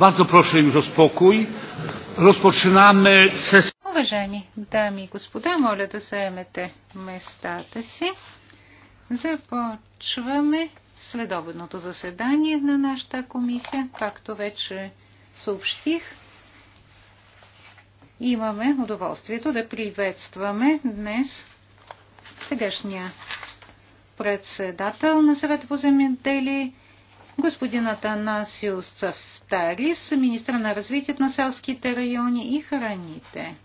Bardzo proszę już o spokój. Rozpoczynamy sesję. Уважаеми дами и господа, моля да заемете местата си. Започваме следобедното заседание на нашата комисия. Както вече съобщих, имаме удоволствието да приветстваме днес сегашния председател на съвет по земеделие господин Атанасиус Цафтарис, министра на развитието на селските райони и храните.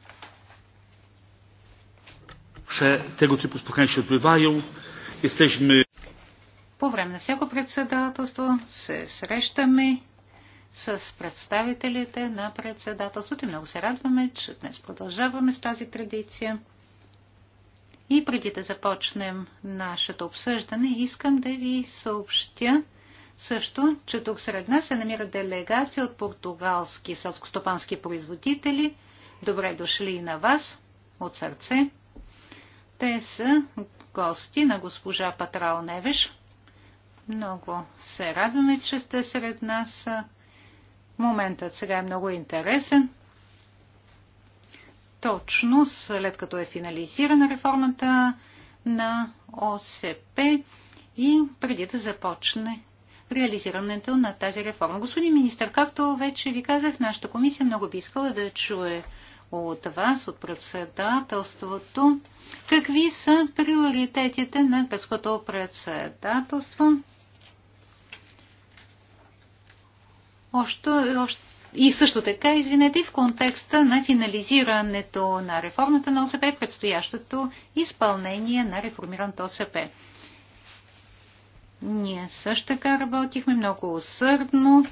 По време на всяко председателство се срещаме с представителите на председателството и много се радваме, че днес продължаваме с тази традиция. И преди да започнем нашето обсъждане, искам да ви съобщя, също, че тук сред нас се намира делегация от португалски селскостопански производители. Добре дошли и на вас от сърце. Те са гости на госпожа Патрао Невеш. Много се радваме, че сте сред нас. Моментът сега е много интересен. Точно след като е финализирана реформата на ОСП и преди да започне реализирането на тази реформа. Господин министр, както вече ви казах, нашата комисия много би искала да чуе от вас, от председателството, какви са приоритетите на гръцкото председателство. Още, още, и също така, извинете, в контекста на финализирането на реформата на ОСП, предстоящото изпълнение на реформираната ОСП. Ние също така работихме много усърдно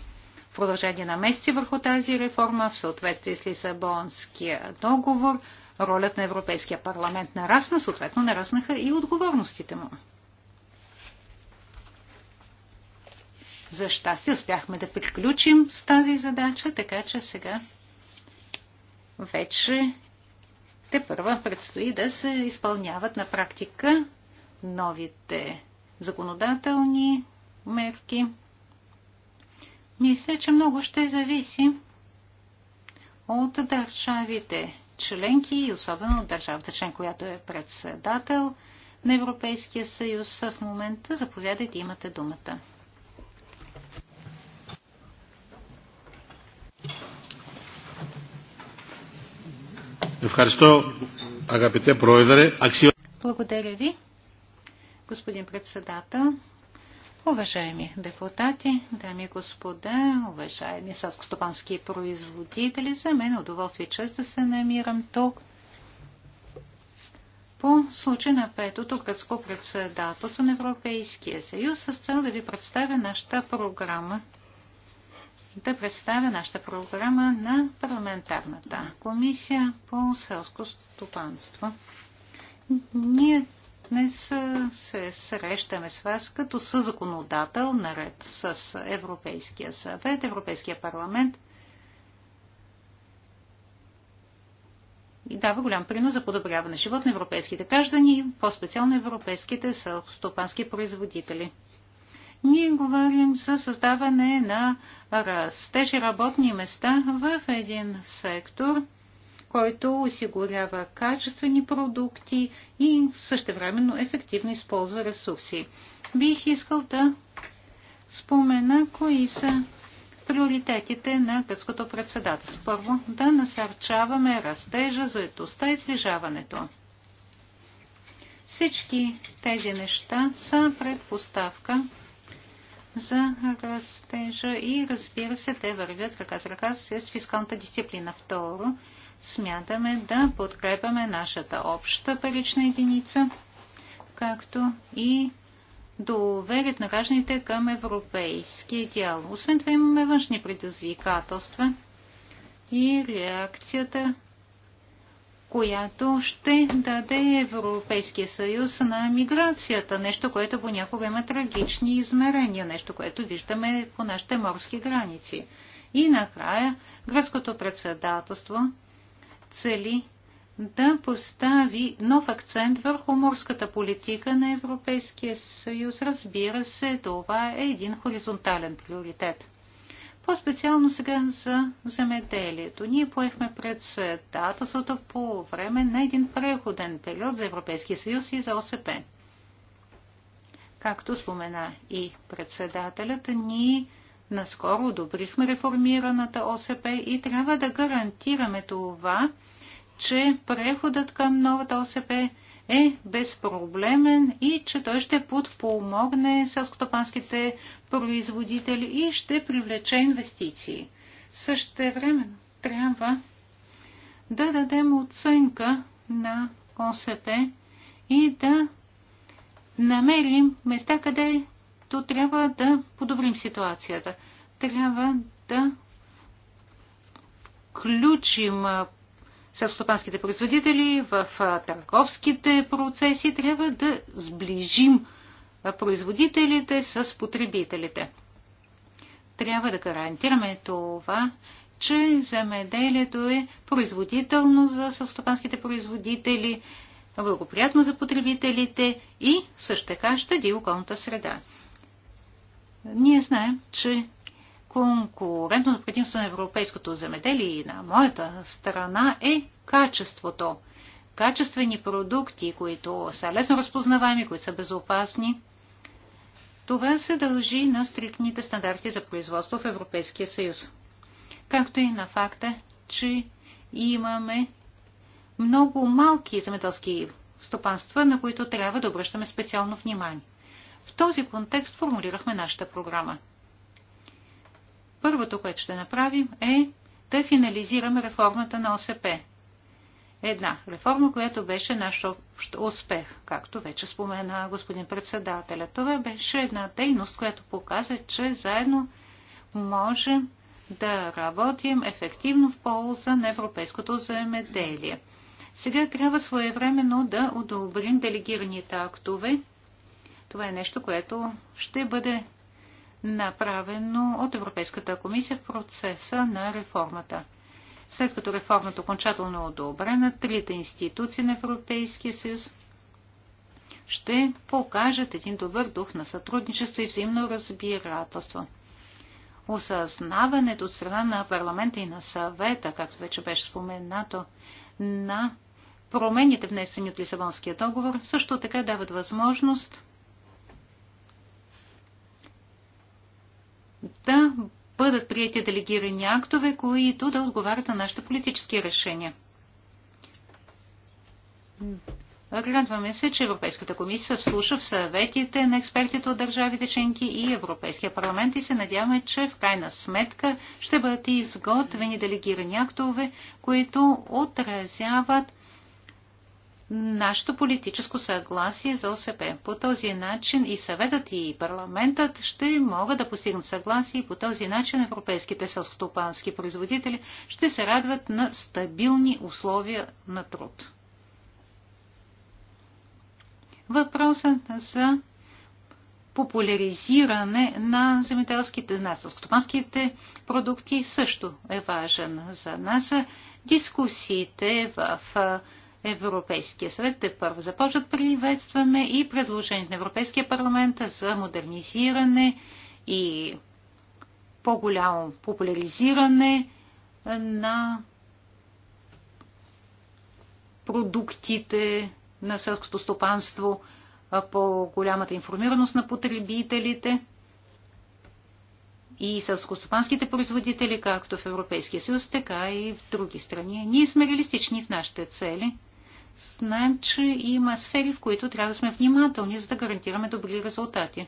в продължение на месеци върху тази реформа в съответствие с Лисабонския договор. Ролята на Европейския парламент нарасна, съответно нараснаха и отговорностите му. За щастие успяхме да приключим с тази задача, така че сега вече те първа предстои да се изпълняват на практика новите законодателни мерки. Мисля, че много ще зависи от държавите членки и особено от държавата член, която е председател на Европейския съюз в момента. Заповядайте, имате думата. Благодаря ви господин председател, уважаеми депутати, дами и господа, уважаеми селскостопански производители, за мен е удоволствие и чест да се намирам тук по случай на петото гръцко председателство на Европейския съюз с цел да ви представя нашата програма да представя нашата програма на парламентарната комисия по селско стопанство. Ние Днес се срещаме с вас като съзаконодател, наред с Европейския съвет, Европейския парламент и дава голям принос за подобряване живот на европейските граждани, по-специално европейските селстопански производители. Ние говорим за създаване на растежи работни места в един сектор – който осигурява качествени продукти и същевременно ефективно използва ресурси. Бих искал да спомена кои са приоритетите на гръцкото председателство. Първо, да насърчаваме растежа, заедостта и сближаването. Всички тези неща са предпоставка за растежа и разбира се, те вървят ръка за ръка с фискалната дисциплина. Второ, смятаме да подкрепяме нашата обща парична единица, както и доверят на гражданите към европейския идеал. Освен това имаме външни предизвикателства и реакцията, която ще даде Европейския съюз на миграцията. Нещо, което понякога има трагични измерения, нещо, което виждаме по нашите морски граници. И накрая гръцкото председателство цели да постави нов акцент върху морската политика на Европейския съюз. Разбира се, това е един хоризонтален приоритет. По-специално сега за земеделието. Ние поехме председателството по време на един преходен период за Европейския съюз и за ОСП. Както спомена и председателят, ние Наскоро одобрихме реформираната ОСП и трябва да гарантираме това, че преходът към новата ОСП е безпроблемен и че той ще подпомогне селскотопанските производители и ще привлече инвестиции. Също време трябва да дадем оценка на ОСП и да намерим места, къде то трябва да подобрим ситуацията. Трябва да включим селскостопанските производители в търговските процеси. Трябва да сближим производителите с потребителите. Трябва да гарантираме това, че земеделието е производително за селскостопанските производители, благоприятно за потребителите и също така ди околната среда. Ние знаем, че конкурентното предимство на европейското земеделие и на моята страна е качеството. Качествени продукти, които са лесно разпознаваеми, които са безопасни. Това се дължи на стриктните стандарти за производство в Европейския съюз. Както и на факта, че имаме много малки земеделски стопанства, на които трябва да обръщаме специално внимание. В този контекст формулирахме нашата програма. Първото, което ще направим е да финализираме реформата на ОСП. Една реформа, която беше наш общ успех, както вече спомена господин председателя. Това беше една дейност, която показа, че заедно можем да работим ефективно в полза на европейското земеделие. Сега трябва своевременно да одобрим делегираните актове това е нещо, което ще бъде направено от Европейската комисия в процеса на реформата. След като реформата е окончателно е одобрена, трите институции на Европейския съюз ще покажат един добър дух на сътрудничество и взаимно разбирателство. Осъзнаването от страна на парламента и на съвета, както вече беше споменато, на промените внесени от Лисабонския договор, също така дават възможност да бъдат прияти делегирани актове, които да отговарят на нашите политически решения. Радваме се, че Европейската комисия вслуша в съветите на експертите от държавите членки и Европейския парламент и се надяваме, че в крайна сметка ще бъдат изготвени делегирани актове, които отразяват нашето политическо съгласие за ОСП. По този начин и съветът и парламентът ще могат да постигнат съгласие и по този начин европейските селскотопански производители ще се радват на стабилни условия на труд. Въпросът за популяризиране на земеделските, на селскостопанските продукти също е важен за нас. Дискусиите в Европейския съвет те първо започват. Приветстваме и предложението на Европейския парламент за модернизиране и по-голямо популяризиране на продуктите на селското стопанство, по-голямата информираност на потребителите и селскостопанските производители, както в Европейския съюз, така и в други страни. Ние сме реалистични в нашите цели – знаем, че има сфери, в които трябва да сме внимателни, за да гарантираме добри резултати.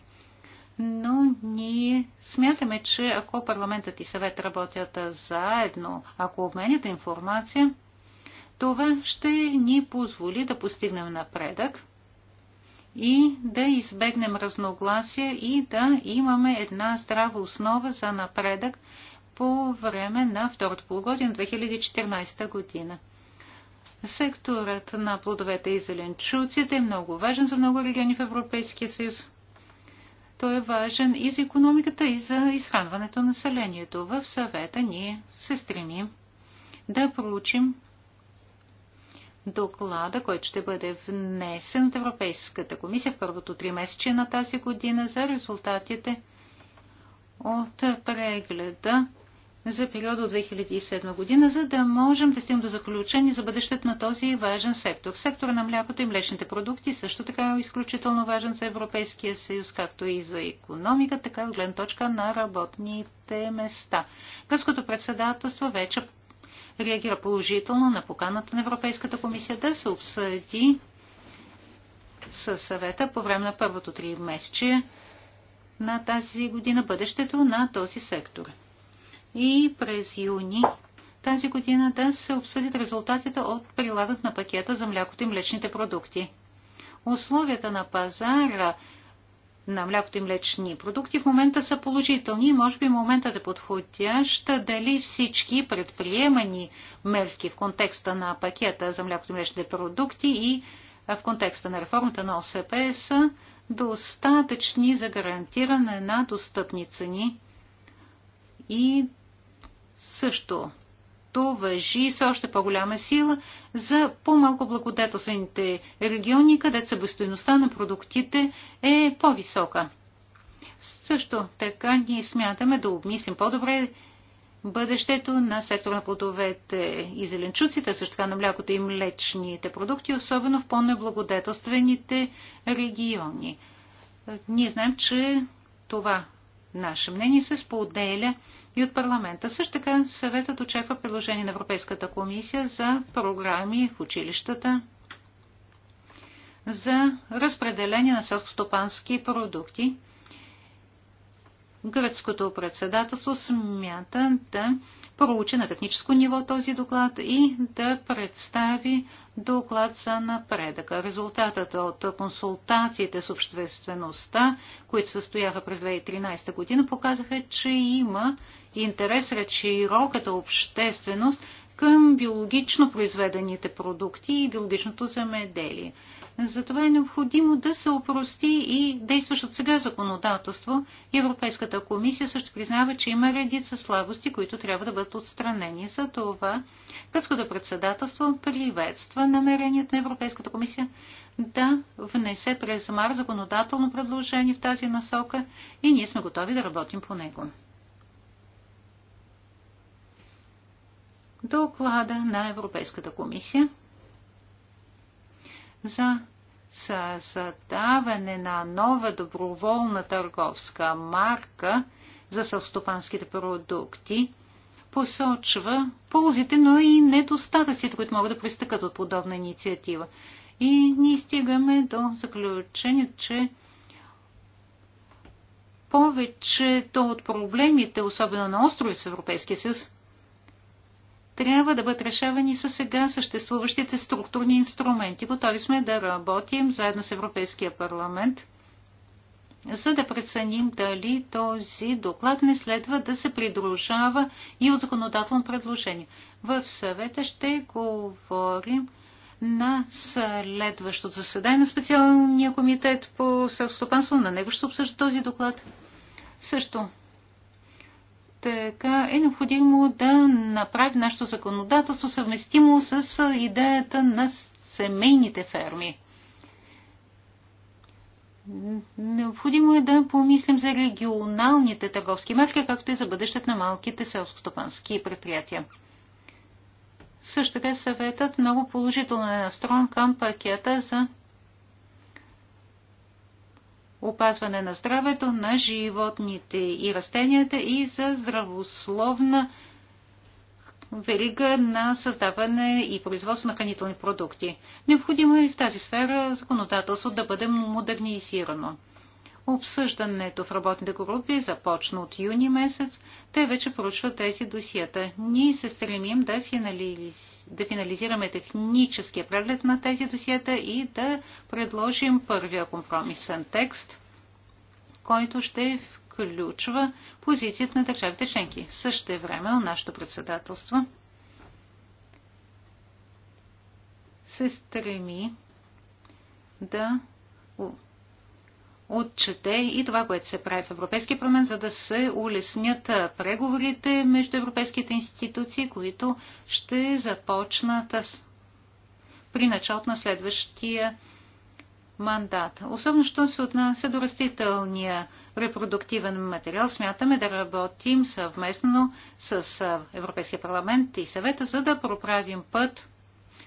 Но ние смятаме, че ако парламентът и съвет работят заедно, ако обменят информация, това ще ни позволи да постигнем напредък и да избегнем разногласия и да имаме една здрава основа за напредък по време на второто полугодие на 2014 година. Секторът на плодовете и зеленчуците е много важен за много региони в Европейския съюз. Той е важен и за економиката, и за изхранването на населението. В съвета ние се стремим да проучим доклада, който ще бъде внесен от Европейската комисия в първото три месече на тази година за резултатите от прегледа за периода от 2007 година, за да можем да стигнем до заключение за бъдещето на този важен сектор. Сектора на млякото и млечните продукти също така е изключително важен за Европейския съюз, както и за економика, така и от гледна точка на работните места. Гръцкото председателство вече реагира положително на поканата на Европейската комисия да се обсъди със съвета по време на първото три месече на тази година бъдещето на този сектор и през юни тази година да се обсъдят резултатите от прилагат на пакета за млякото и млечните продукти. Условията на пазара на млякото и млечни продукти в момента са положителни и може би моментът е подходящ дали всички предприемани мерки в контекста на пакета за млякото и млечните продукти и в контекста на реформата на ОСП са достатъчни за гарантиране на достъпни цени и също то въжи с още по-голяма сила за по-малко благодетелствените региони, където събестойността на продуктите е по-висока. Също така ние смятаме да обмислим по-добре бъдещето на сектора на плодовете и зеленчуците, също така на млякото и млечните продукти, особено в по-неблагодетелствените региони. Ние знаем, че това Наше мнение се споделя и от парламента. Също така съветът очаква предложение на Европейската комисия за програми в училищата за разпределение на селскостопански продукти Гръцкото председателство смята да проучи на техническо ниво този доклад и да представи доклад за напредъка. Резултатът от консултациите с обществеността, които състояха през 2013 година, показаха, че има интерес сред широката общественост към биологично произведените продукти и биологичното земеделие. Затова е необходимо да се опрости и от сега законодателство. Европейската комисия също признава, че има редица слабости, които трябва да бъдат отстранени. За това Гръцкото председателство приветства намерението на Европейската комисия да внесе през мар законодателно предложение в тази насока и ние сме готови да работим по него. Доклада на Европейската комисия за създаване на нова доброволна търговска марка за съвстопанските продукти посочва ползите, но и недостатъците, които могат да пристъкат от подобна инициатива. И ние стигаме до заключение, че повечето от проблемите, особено на острови в Европейския съюз, трябва да бъдат решавани със сега съществуващите структурни инструменти. Готови сме да работим заедно с Европейския парламент, за да преценим дали този доклад не следва да се придружава и от законодателно предложение. В съвета ще говорим на следващото заседание на специалния комитет по селско На него ще обсъжда този доклад. Също така е необходимо да направи нашето законодателство съвместимо с идеята на семейните ферми. Необходимо е да помислим за регионалните търговски марки, както и за бъдещето на малките селскостопански предприятия. Също така съветът много положително е настроен към пакета за опазване на здравето на животните и растенията и за здравословна верига на създаване и производство на хранителни продукти. Необходимо е и в тази сфера законодателство да бъде модернизирано. Обсъждането в работните групи започна от юни месец. Те вече проучват тези досиета. Ние се стремим да, финализ... да финализираме техническия преглед на тези досиета и да предложим първия компромисен текст, който ще включва позицията на държавите членки. Също е време на нашето председателство се стреми да отчете и това, което се прави в Европейския парламент, за да се улеснят преговорите между европейските институции, които ще започнат при началото на следващия мандат. Особено, що се отнася до растителния репродуктивен материал, смятаме да работим съвместно с Европейския парламент и съвета, за да проправим път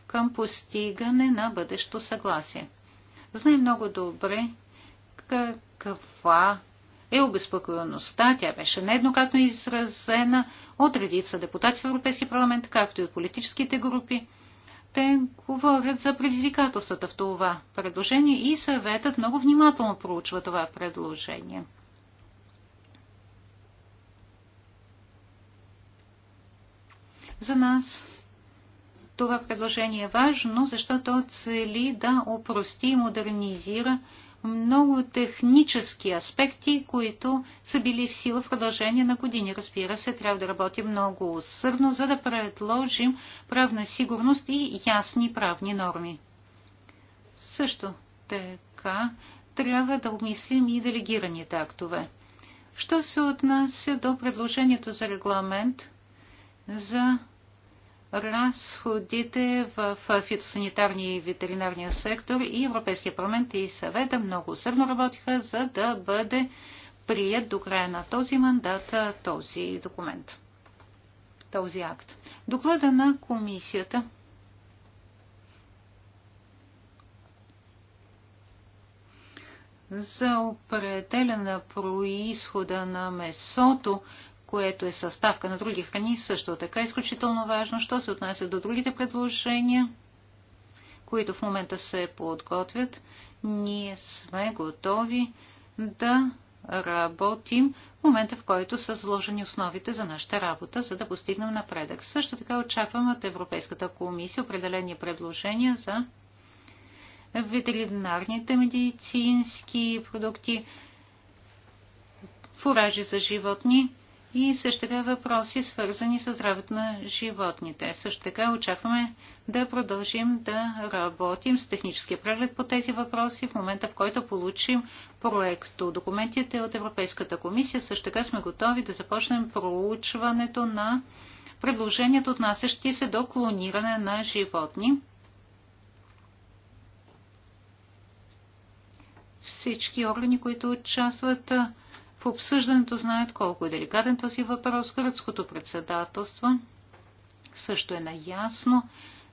към постигане на бъдещо съгласие. Знаем много добре, каква е обезпокоеността. Тя беше нееднократно изразена от редица депутати в Европейския парламент, както и от политическите групи. Те говорят за предизвикателствата в това предложение и съветът много внимателно проучва това предложение. За нас това предложение е важно, защото цели да опрости и модернизира много технически аспекти, които са били в сила в продължение на години. Разбира се, трябва да работим много усърдно, за да предложим правна сигурност и ясни правни норми. Също така трябва да обмислим и делегираните актове. Що се отнася до предложението за регламент за разходите в фитосанитарния и ветеринарния сектор и Европейския парламент и съвета много усърдно работиха, за да бъде прият до края на този мандат този документ, този акт. Доклада на комисията за определена происхода на месото което е съставка на други храни, също така е изключително важно. Що се отнася до другите предложения, които в момента се подготвят, ние сме готови да работим в момента, в който са заложени основите за нашата работа, за да постигнем напредък. Също така очаквам от Европейската комисия определени предложения за ветеринарните медицински продукти, фуражи за животни, и също така въпроси, свързани с здравето на животните. Също така очакваме да продължим да работим с техническия преглед по тези въпроси в момента, в който получим проекто. Документите от Европейската комисия също така сме готови да започнем проучването на предложението, отнасящи се до клониране на животни. Всички органи, които участват в обсъждането знаят колко е деликатен този въпрос. Гръцкото председателство също е наясно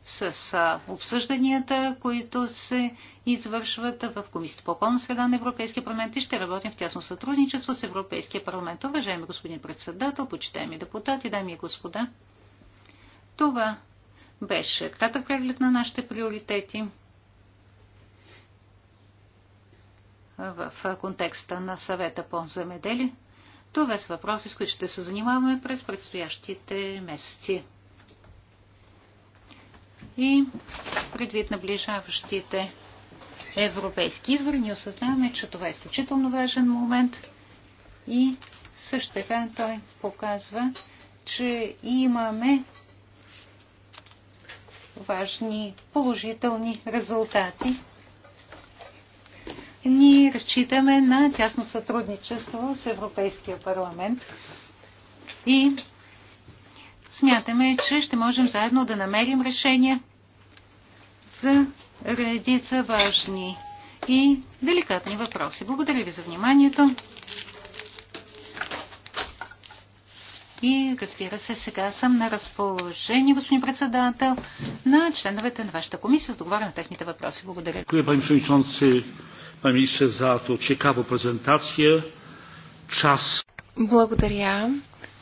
с обсъжданията, които се извършват в Комисията по околна среда на Европейския парламент и ще работим в тясно сътрудничество с Европейския парламент. Уважаеми господин председател, почитаеми депутати, дами и господа, това беше кратък преглед на нашите приоритети. в контекста на съвета по земеделие. Това са въпроси, с които ще се занимаваме през предстоящите месеци. И предвид наближаващите европейски избори, ние осъзнаваме, че това е изключително важен момент и също така той показва, че имаме важни положителни резултати ние разчитаме на тясно сътрудничество с Европейския парламент и смятаме, че ще можем заедно да намерим решения за редица важни и деликатни въпроси. Благодаря ви за вниманието. И разбира се, сега съм на разположение, господин председател, на членовете на вашата комисия, да отговоря на техните въпроси. Благодаря panie ministrze, za tą ciekawą prezentację. Czas. Благодаря,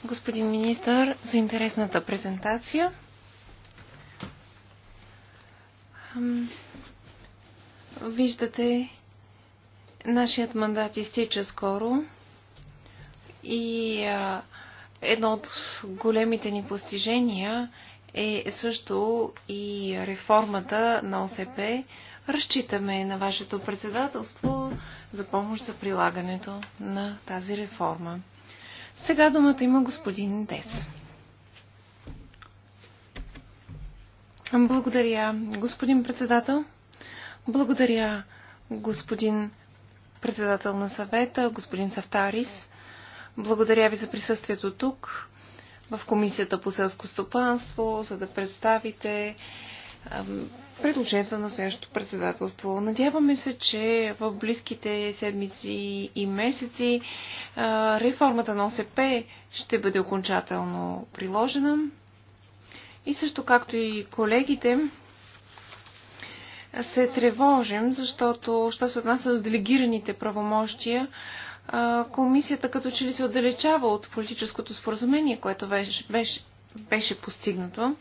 господин министър, за интересната презентация. Виждате, нашият мандат изтича скоро и едно от големите ни постижения е също и реформата на ОСП, Разчитаме на вашето председателство за помощ за прилагането на тази реформа. Сега думата има господин Дес. Благодаря, господин председател. Благодаря, господин председател на съвета, господин Сафтарис, Благодаря ви за присъствието тук в Комисията по селско стопанство, за да представите предложението на следващото председателство. Надяваме се, че в близките седмици и месеци реформата на ОСП ще бъде окончателно приложена. И също както и колегите, се тревожим, защото, що се отнася до делегираните правомощия, комисията като че ли се отдалечава от политическото споразумение, което беше, беше, беше постигнато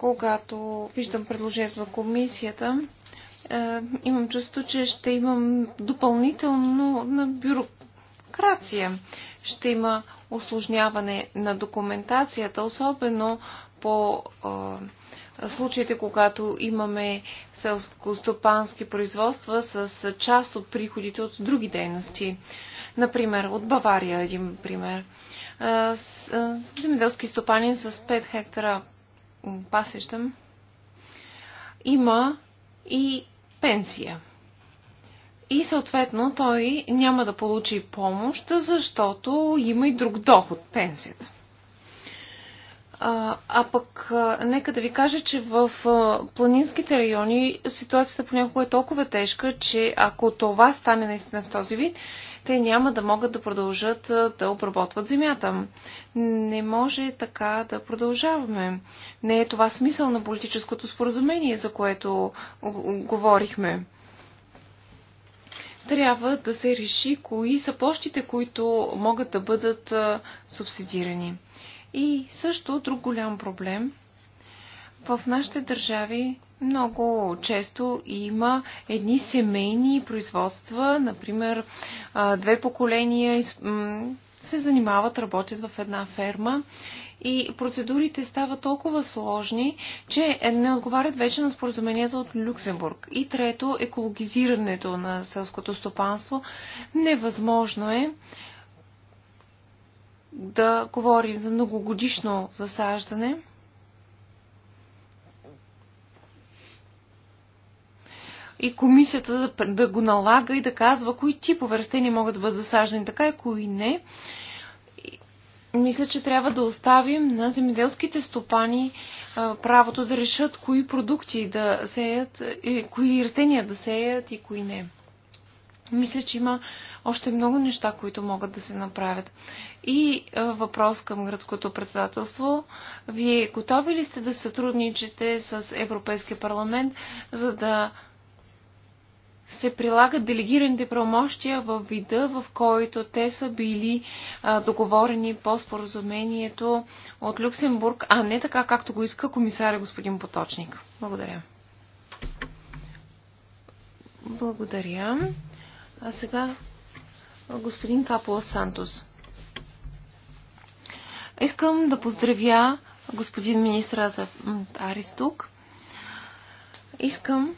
когато виждам предложението на комисията, е, имам чувство, че ще имам допълнително на бюрокрация. Ще има осложняване на документацията, особено по е, случаите, когато имаме селско-стопански производства с част от приходите от други дейности. Например, от Бавария един пример. Е, земеделски стопанин с 5 хектара пасещам, има и пенсия. И съответно той няма да получи помощ, защото има и друг доход, пенсията. А, а пък, а, нека да ви кажа, че в а, планинските райони ситуацията понякога е толкова тежка, че ако това стане наистина в този вид, те няма да могат да продължат а, да обработват земята. Не може така да продължаваме. Не е това смисъл на политическото споразумение, за което говорихме трябва да се реши кои са площите, които могат да бъдат субсидирани. И също друг голям проблем. В нашите държави много често има едни семейни производства, например две поколения се занимават, работят в една ферма и процедурите стават толкова сложни, че не отговарят вече на споразумението от Люксембург. И трето, екологизирането на селското стопанство. Невъзможно е да говорим за многогодишно засаждане. И комисията да, да го налага и да казва кои типове растения могат да бъдат засаждани така и кои не. И, мисля, че трябва да оставим на земеделските стопани а, правото да решат кои продукти да сеят, и, е, кои растения да сеят и кои не. Мисля, че има още много неща, които могат да се направят. И е, въпрос към градското председателство. Вие готови ли сте да сътрудничите с Европейския парламент, за да се прилагат делегираните правомощия в вида, в който те са били е, договорени по споразумението от Люксембург, а не така, както го иска комисаря господин Поточник. Благодаря. Благодаря. А сега господин Капола Сантос. Искам да поздравя господин министра за Арис тук. Искам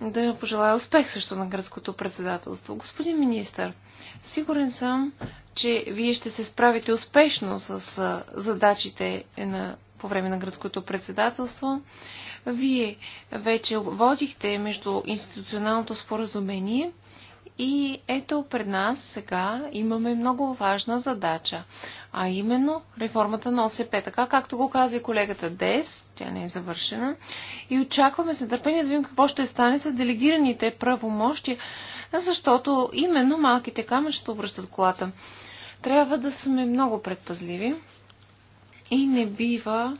да пожелая успех също на гръцкото председателство. Господин министр, сигурен съм, че вие ще се справите успешно с задачите на, по време на гръцкото председателство. Вие вече водихте между институционалното споразумение и ето пред нас сега имаме много важна задача, а именно реформата на ОСП. Така както го каза и колегата Дес, тя не е завършена, и очакваме с нетърпение да видим какво ще стане с делегираните правомощи, защото именно малките камъчета обръщат колата. Трябва да сме много предпазливи и не бива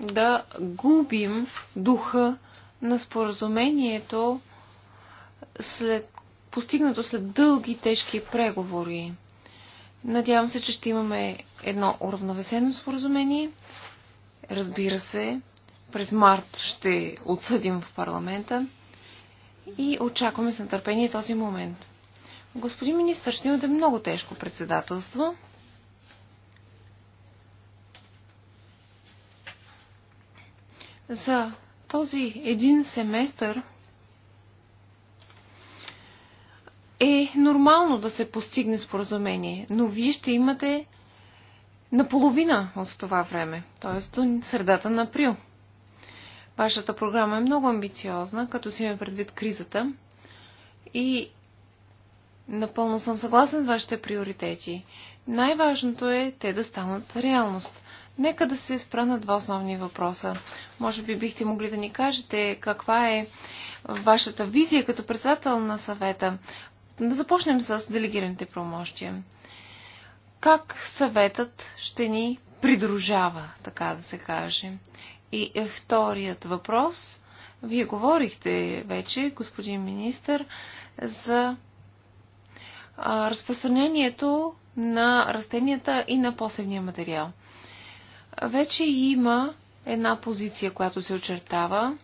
да губим духа на споразумението след, постигнато след дълги тежки преговори. Надявам се, че ще имаме едно уравновесено споразумение. Разбира се, през март ще отсъдим в парламента и очакваме с нетърпение този момент. Господин министър, ще имате много тежко председателство. За този един семестър е нормално да се постигне споразумение, но вие ще имате наполовина от това време, т.е. до средата на април. Вашата програма е много амбициозна, като си има предвид кризата и напълно съм съгласен с вашите приоритети. Най-важното е те да станат реалност. Нека да се спра на два основни въпроса. Може би бихте могли да ни кажете каква е вашата визия като председател на съвета да започнем с делегираните правомощия. Как съветът ще ни придружава, така да се каже? И е вторият въпрос. Вие говорихте вече, господин министр, за разпространението на растенията и на посевния материал. Вече има една позиция, която се очертава,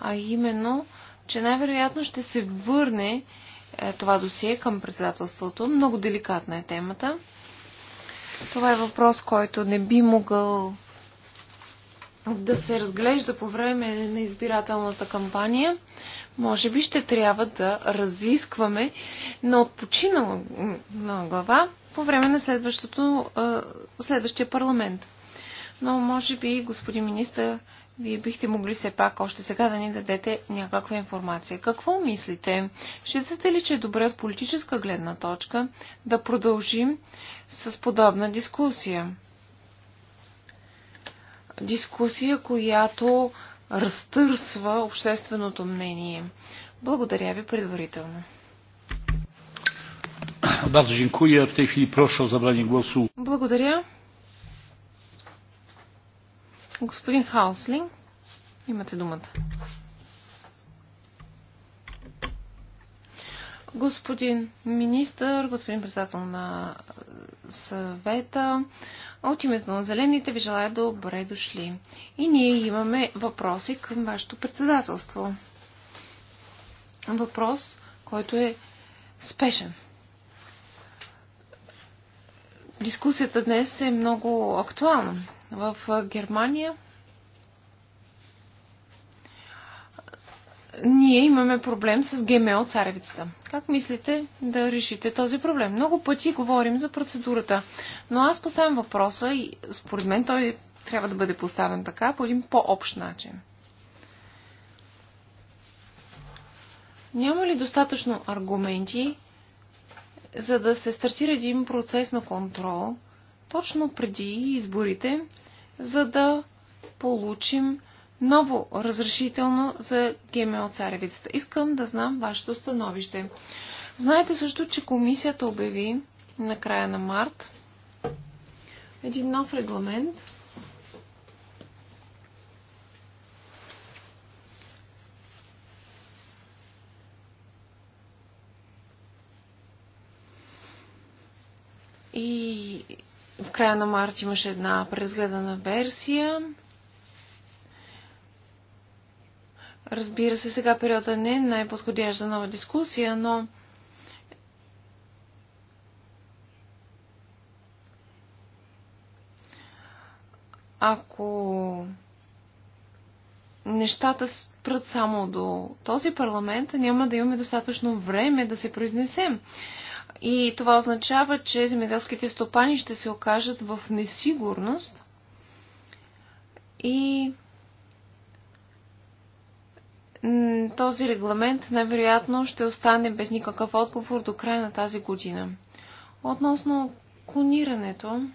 а именно, че най-вероятно ще се върне е, това досие към председателството. Много деликатна е темата. Това е въпрос, който не би могъл да се разглежда по време на избирателната кампания. Може би ще трябва да разискваме на отпочинала глава по време на следващото, е, следващия парламент. Но може би, господин министър, вие бихте могли все пак още сега да ни дадете някаква информация. Какво мислите? Считате ли, че е добре от политическа гледна точка да продължим с подобна дискусия? Дискусия, която разтърсва общественото мнение. Благодаря ви предварително. Благодаря. Господин Хауслинг, имате думата. Господин министър, господин председател на съвета, от името на Зелените ви желая добре дошли. И ние имаме въпроси към вашето председателство. Въпрос, който е спешен. Дискусията днес е много актуална в Германия ние имаме проблем с ГМО царевицата. Как мислите да решите този проблем? Много пъти говорим за процедурата, но аз поставям въпроса и според мен той трябва да бъде поставен така по един по-общ начин. Няма ли достатъчно аргументи, за да се стартира един процес на контрол точно преди изборите, за да получим ново разрешително за ГМО царевицата. Искам да знам вашето становище. Знаете също, че комисията обяви на края на март един нов регламент, И в края на март имаше една преразгледана версия. Разбира се, сега периода не е най-подходящ за нова дискусия, но ако нещата спрат само до този парламент, няма да имаме достатъчно време да се произнесем. И това означава, че земеделските стопани ще се окажат в несигурност и този регламент най-вероятно ще остане без никакъв отговор до края на тази година. Относно клонирането,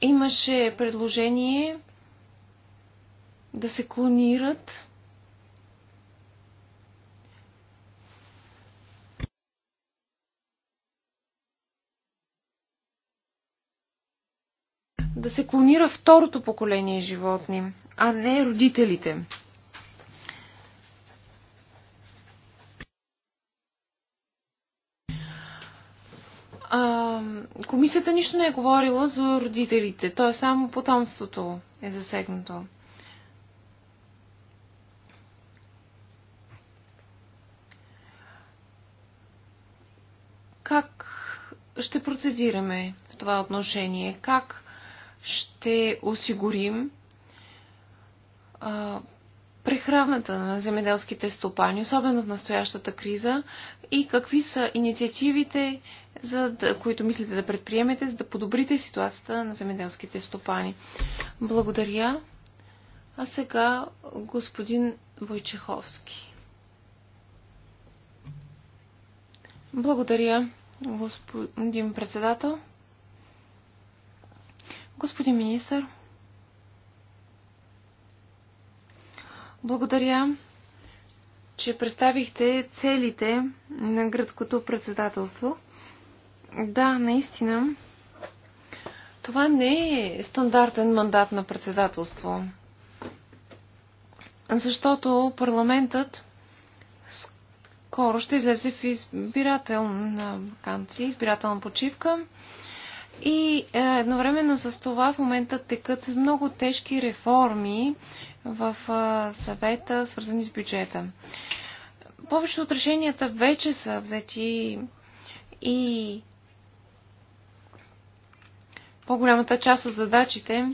имаше предложение да се клонират. Да се клонира второто поколение животни, а не родителите. А, комисията нищо не е говорила за родителите, то е само потомството е засегнато. ще процедираме в това отношение? Как ще осигурим а, прехраната на земеделските стопани, особено в настоящата криза, и какви са инициативите, за да, които мислите да предприемете, за да подобрите ситуацията на земеделските стопани. Благодаря. А сега господин Войчеховски. Благодаря господин председател. Господин министър, благодаря, че представихте целите на гръцкото председателство. Да, наистина, това не е стандартен мандат на председателство, защото парламентът скоро ще излезе в избирателна вакансия, избирателна почивка. И е, едновременно с това в момента текат много тежки реформи в е, съвета, свързани с бюджета. Повечето от решенията вече са взети и по-голямата част от задачите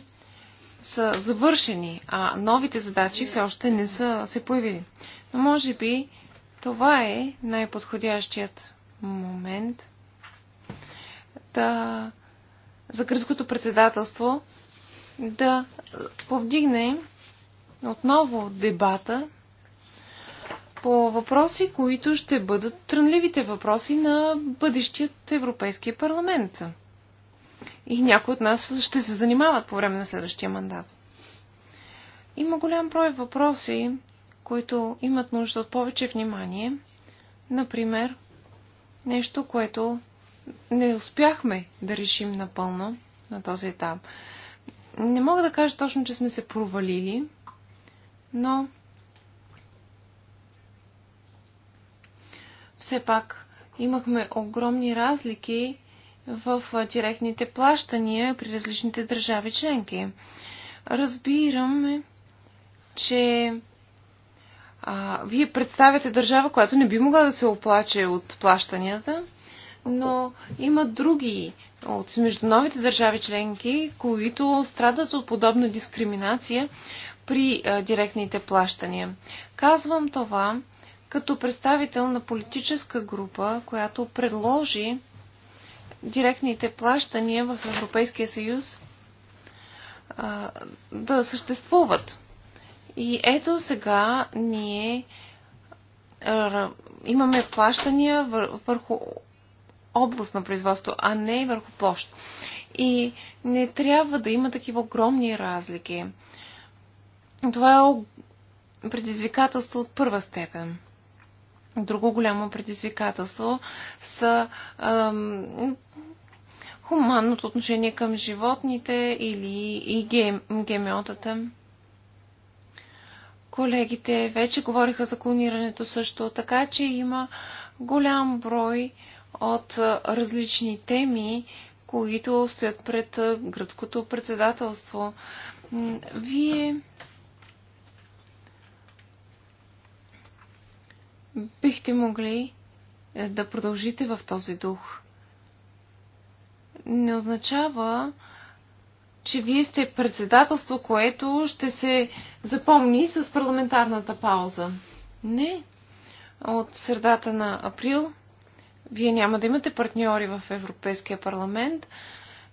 са завършени, а новите задачи все още не са се появили. Но може би това е най-подходящият момент да, за гръцкото председателство да повдигне отново дебата по въпроси, които ще бъдат трънливите въпроси на бъдещият Европейски парламент. И някои от нас ще се занимават по време на следващия мандат. Има голям брой въпроси, които имат нужда от повече внимание. Например, нещо, което не успяхме да решим напълно на този етап. Не мога да кажа точно, че сме се провалили, но все пак имахме огромни разлики в директните плащания при различните държави членки. Разбираме, че а, вие представяте държава, която не би могла да се оплаче от плащанията, но има други от междуновите държави членки, които страдат от подобна дискриминация при а, директните плащания. Казвам това като представител на политическа група, която предложи директните плащания в Европейския съюз а, да съществуват. И ето сега ние имаме плащания върху област на производство, а не върху площ. И не трябва да има такива огромни разлики. Това е предизвикателство от първа степен. Друго голямо предизвикателство са ам, хуманното отношение към животните или и гем, гемиотата. Колегите вече говориха за клонирането също, така че има голям брой от различни теми, които стоят пред гръцкото председателство. Вие бихте могли е, да продължите в този дух. Не означава, че вие сте председателство, което ще се запомни с парламентарната пауза. Не. От средата на април вие няма да имате партньори в Европейския парламент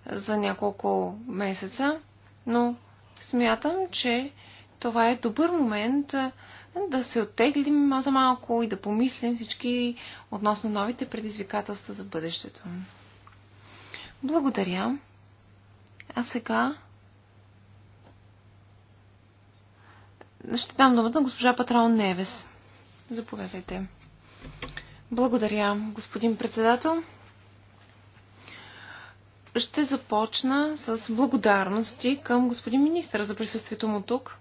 за няколко месеца, но смятам, че това е добър момент да се оттеглим за малко и да помислим всички относно новите предизвикателства за бъдещето. Благодаря. А сега ще дам думата на госпожа Патрон Невес. Заповядайте. Благодаря, господин председател. Ще започна с благодарности към господин министър за присъствието му тук.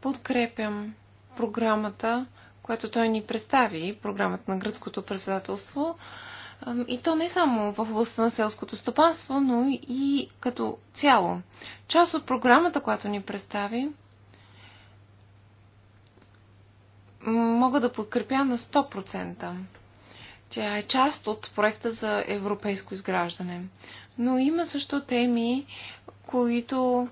Подкрепям програмата, която той ни представи, програмата на гръцкото председателство. И то не само в областта на селското стопанство, но и като цяло. Част от програмата, която ни представи, мога да подкрепя на 100%. Тя е част от проекта за европейско изграждане. Но има също теми, които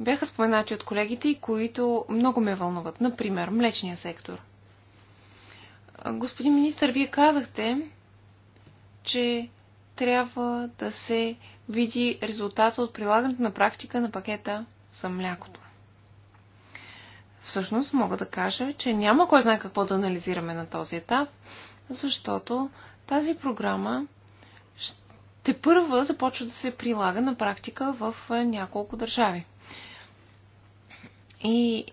бяха споменати от колегите и които много ме вълнуват. Например, млечния сектор. Господин министр, вие казахте, че трябва да се види резултата от прилагането на практика на пакета за млякото. Всъщност мога да кажа, че няма кой знае какво да анализираме на този етап, защото тази програма те първа започва да се прилага на практика в е, няколко държави. И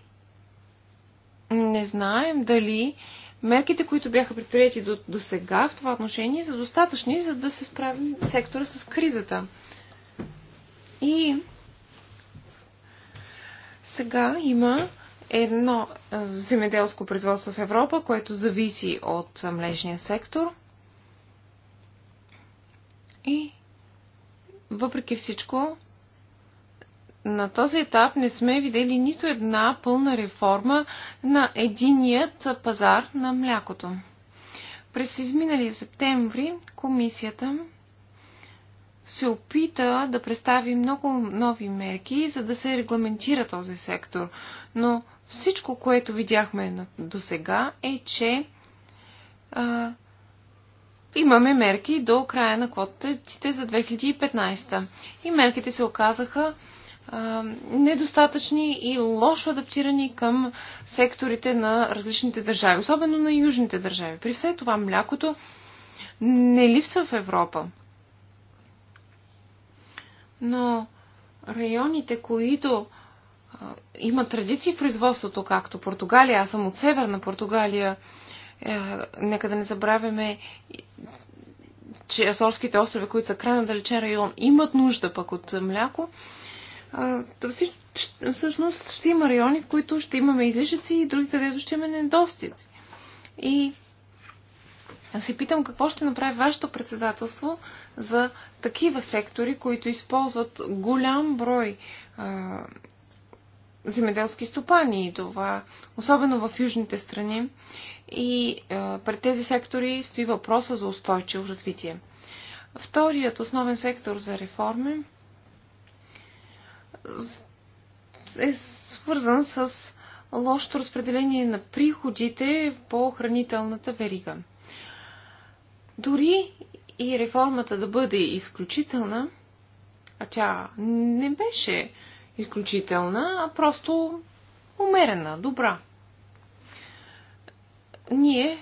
не знаем дали мерките, които бяха предприяти до, до сега в това отношение, са достатъчни, за да се справим сектора с кризата. И сега има едно е, земеделско производство в Европа, което зависи от е, млечния сектор. И въпреки всичко, на този етап не сме видели нито една пълна реформа на единият пазар на млякото. През изминали септември комисията се опита да представи много нови мерки, за да се регламентира този сектор. Но всичко, което видяхме до сега е, че а, имаме мерки до края на квотите за 2015. И мерките се оказаха недостатъчни и лошо адаптирани към секторите на различните държави, особено на южните държави. При все това млякото не липсва в Европа. Но районите, които имат традиции в производството, както Португалия, аз съм от северна Португалия, е, нека да не забравяме, че Азорските острови, които са крайно далечен район, имат нужда пък от мляко, всъщност ще има райони, в които ще имаме излишъци и други, където ще имаме недостици. И аз се питам какво ще направи вашето председателство за такива сектори, които използват голям брой а, земеделски стопани и това, особено в южните страни. И а, пред тези сектори стои въпроса за устойчиво развитие. Вторият основен сектор за реформи е свързан с лошото разпределение на приходите по хранителната верига. Дори и реформата да бъде изключителна, а тя не беше изключителна, а просто умерена, добра. Ние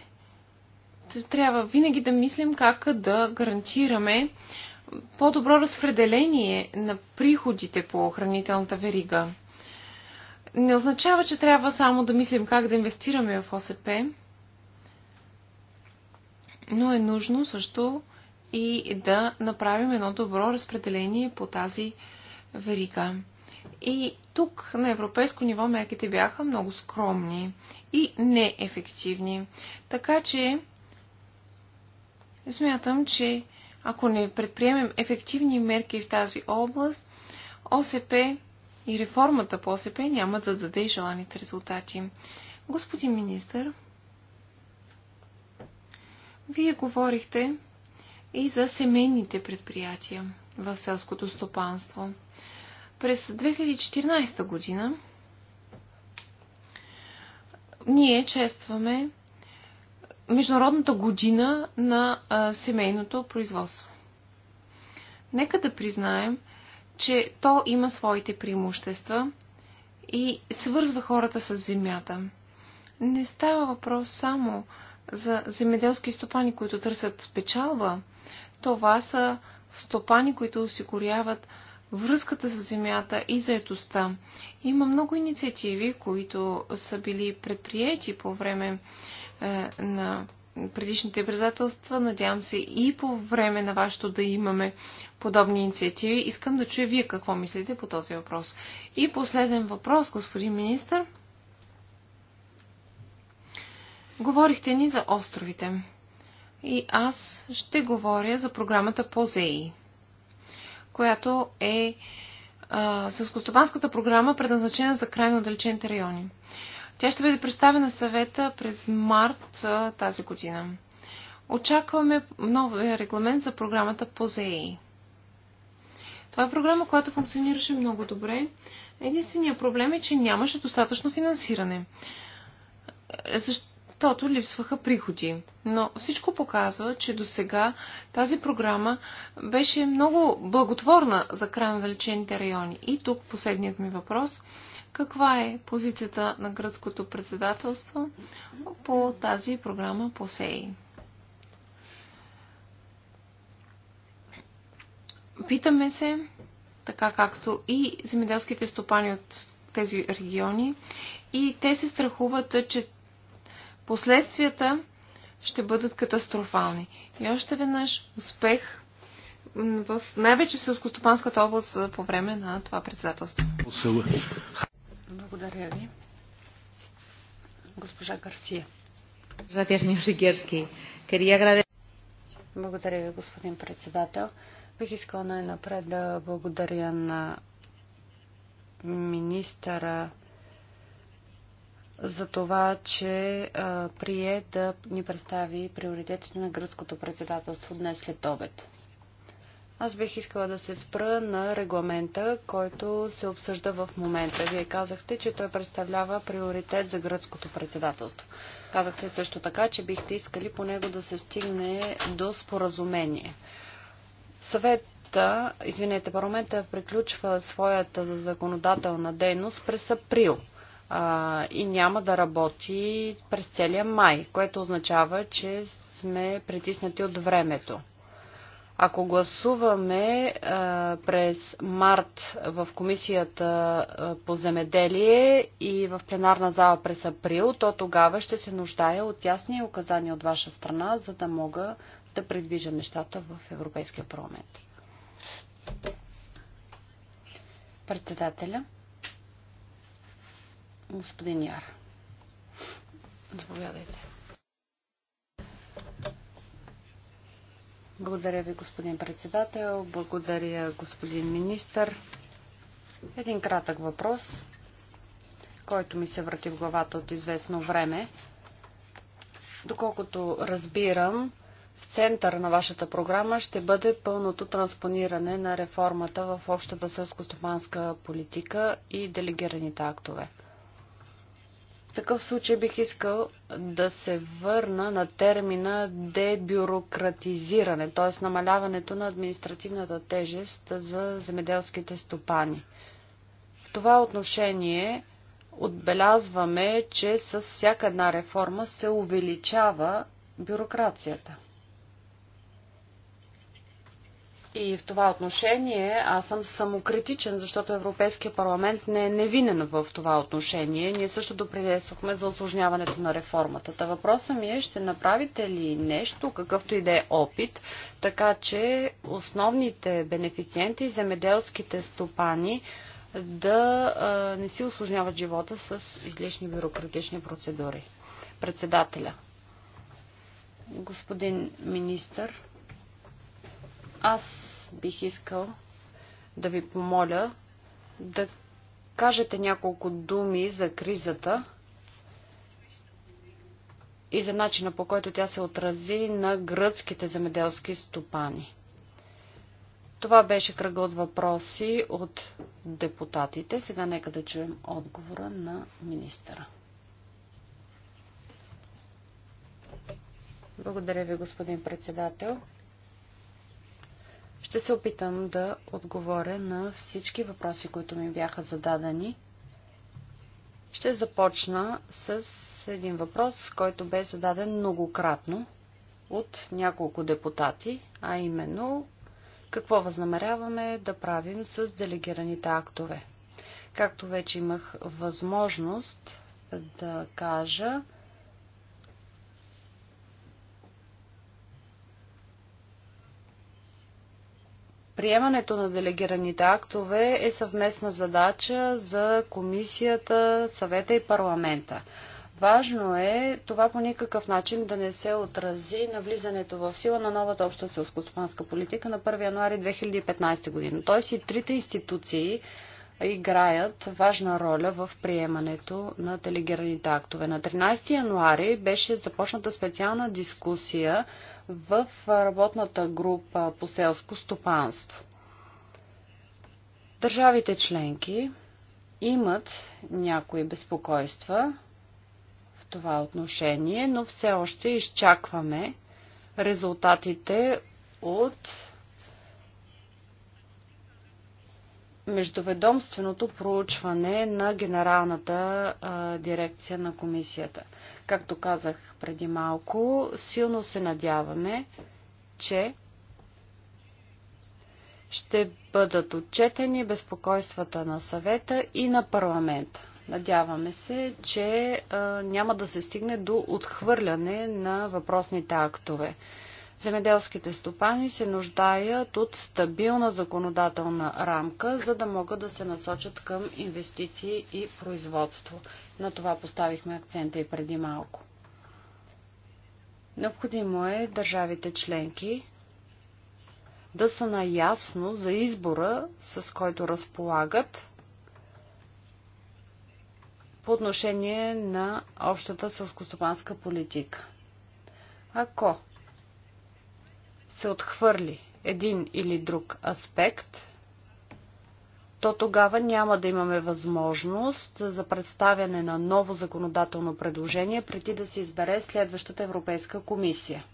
трябва винаги да мислим как да гарантираме по-добро разпределение на приходите по охранителната верига. Не означава, че трябва само да мислим как да инвестираме в ОСП, но е нужно също и да направим едно добро разпределение по тази верига. И тук на европейско ниво мерките бяха много скромни и неефективни. Така че смятам, че ако не предприемем ефективни мерки в тази област, ОСП и реформата по ОСП няма да даде желаните резултати. Господин министър, вие говорихте и за семейните предприятия в селското стопанство. През 2014 година ние честваме Международната година на а, семейното производство. Нека да признаем, че то има своите преимущества и свързва хората с земята. Не става въпрос само за земеделски стопани, които търсят спечалба. Това са стопани, които осигуряват връзката с земята и заетостта. Има много инициативи, които са били предприяти по време е, на предишните председателства. Надявам се и по време на вашето да имаме подобни инициативи. Искам да чуя вие какво мислите по този въпрос. И последен въпрос, господин министр. Говорихте ни за островите. И аз ще говоря за програмата Позеи, която е селскостопанската програма, предназначена за крайно отдалечените райони. Тя ще бъде представена съвета през март тази година. Очакваме новия регламент за програмата по ЗЕИ. Това е програма, която функционираше много добре. Единственият проблем е, че нямаше достатъчно финансиране, защото липсваха приходи. Но всичко показва, че до сега тази програма беше много благотворна за крайно далечените райони. И тук последният ми въпрос – каква е позицията на гръцкото председателство по тази програма по СЕИ? Питаме се, така както и земеделските стопани от тези региони, и те се страхуват, че последствията ще бъдат катастрофални. И още веднъж успех в най-вече в селскостопанската област по време на това председателство. Благодаря ви. Госпожа Гарсия. Благодаря ви, господин председател. Бих искал най-напред да благодаря на министъра за това, че прие да ни представи приоритетите на гръцкото председателство днес след обед. Аз бих искала да се спра на регламента, който се обсъжда в момента. Вие казахте, че той представлява приоритет за гръцкото председателство. Казахте също така, че бихте искали по него да се стигне до споразумение. Съвет извинете, парламента приключва своята за законодателна дейност през април а, и няма да работи през целия май, което означава, че сме притиснати от времето. Ако гласуваме а, през март в комисията а, по земеделие и в пленарна зала през април, то тогава ще се нуждая от ясни указания от ваша страна, за да мога да предвижа нещата в Европейския парламент. Председателя. Господин Яра. Заповядайте. Благодаря ви, господин председател. Благодаря, господин министър. Един кратък въпрос, който ми се върти в главата от известно време. Доколкото разбирам, в център на вашата програма ще бъде пълното транспониране на реформата в общата селско-стопанска политика и делегираните актове такъв случай бих искал да се върна на термина дебюрократизиране, т.е. намаляването на административната тежест за земеделските стопани. В това отношение отбелязваме, че с всяка една реформа се увеличава бюрокрацията – и в това отношение аз съм самокритичен, защото Европейския парламент не е невинен в това отношение. Ние също допринесохме за осложняването на реформата. Та въпросът ми е, ще направите ли нещо, какъвто и да е опит, така че основните бенефициенти и земеделските стопани да а, не си осложняват живота с излишни бюрократични процедури. Председателя. Господин министър, аз бих искал да ви помоля да кажете няколко думи за кризата и за начина по който тя се отрази на гръцките земеделски стопани. Това беше кръга от въпроси от депутатите. Сега нека да чуем отговора на министъра. Благодаря ви, господин председател. Ще се опитам да отговоря на всички въпроси, които ми бяха зададени. Ще започна с един въпрос, който бе зададен многократно от няколко депутати, а именно какво възнамеряваме да правим с делегираните актове. Както вече имах възможност да кажа, Приемането на делегираните актове е съвместна задача за комисията, съвета и парламента. Важно е това по никакъв начин да не се отрази на влизането в сила на новата обща селскостопанска политика на 1 януари 2015 година. Тоест и трите институции играят важна роля в приемането на делегираните актове. На 13 януари беше започната специална дискусия в работната група по селско стопанство. Държавите членки имат някои безпокойства в това отношение, но все още изчакваме резултатите от междуведомственото проучване на Генералната а, дирекция на комисията. Както казах преди малко, силно се надяваме, че ще бъдат отчетени безпокойствата на съвета и на парламента. Надяваме се, че а, няма да се стигне до отхвърляне на въпросните актове. Земеделските стопани се нуждаят от стабилна законодателна рамка, за да могат да се насочат към инвестиции и производство. На това поставихме акцента и преди малко. Необходимо е държавите членки да са наясно за избора, с който разполагат по отношение на общата сълскостопанска политика. Ако се отхвърли един или друг аспект, то тогава няма да имаме възможност за представяне на ново законодателно предложение преди да се избере следващата Европейска комисия.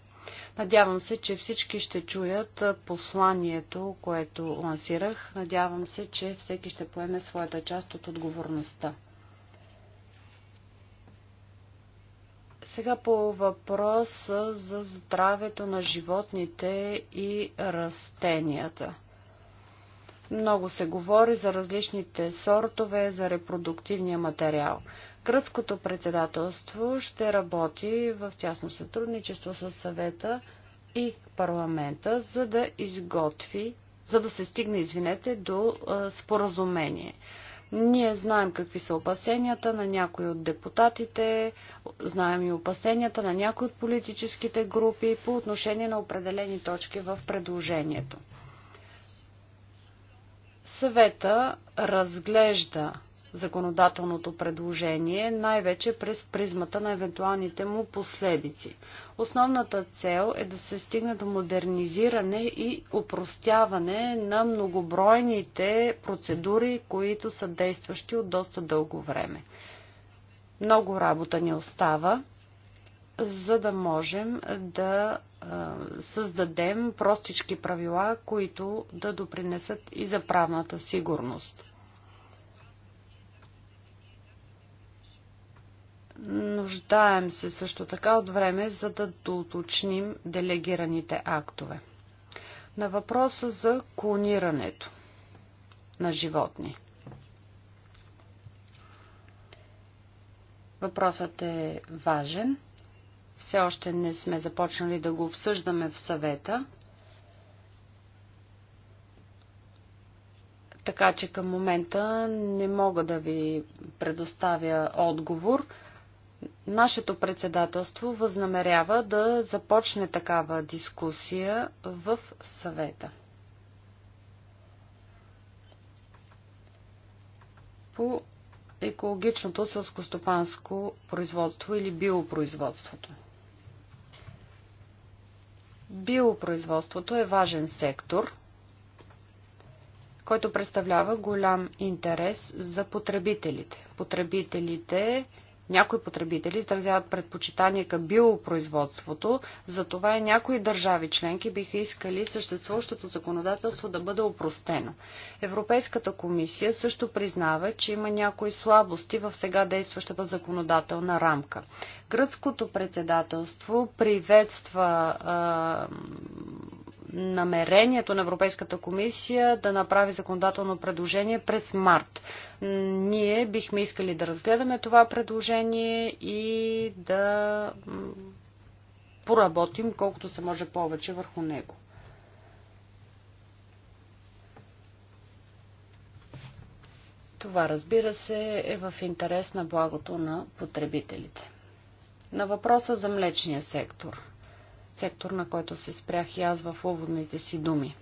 Надявам се, че всички ще чуят посланието, което лансирах. Надявам се, че всеки ще поеме своята част от отговорността. Сега по въпроса за здравето на животните и растенията. Много се говори за различните сортове, за репродуктивния материал. Кръцкото председателство ще работи в тясно сътрудничество с съвета и парламента, за да изготви, за да се стигне, извинете, до споразумение. Ние знаем какви са опасенията на някои от депутатите, знаем и опасенията на някои от политическите групи по отношение на определени точки в предложението. Съвета разглежда законодателното предложение, най-вече през призмата на евентуалните му последици. Основната цел е да се стигне до модернизиране и упростяване на многобройните процедури, които са действащи от доста дълго време. Много работа ни остава, за да можем да създадем простички правила, които да допринесат и за правната сигурност. Нуждаем се също така от време, за да доточним делегираните актове. На въпроса за клонирането на животни. Въпросът е важен. Все още не сме започнали да го обсъждаме в съвета. Така че към момента не мога да ви предоставя отговор. Нашето председателство възнамерява да започне такава дискусия в съвета. По екологичното селскостопанско производство или биопроизводството. Биопроизводството е важен сектор, който представлява голям интерес за потребителите. Потребителите някои потребители изразяват предпочитание към биопроизводството, затова и някои държави членки биха искали съществуващото законодателство да бъде опростено. Европейската комисия също признава, че има някои слабости в сега действащата законодателна рамка. Гръцкото председателство приветства намерението на Европейската комисия да направи законодателно предложение през март. Ние бихме искали да разгледаме това предложение и да поработим колкото се може повече върху него. Това, разбира се, е в интерес на благото на потребителите. На въпроса за млечния сектор – сектор, на който се спрях и аз в уводните си думи.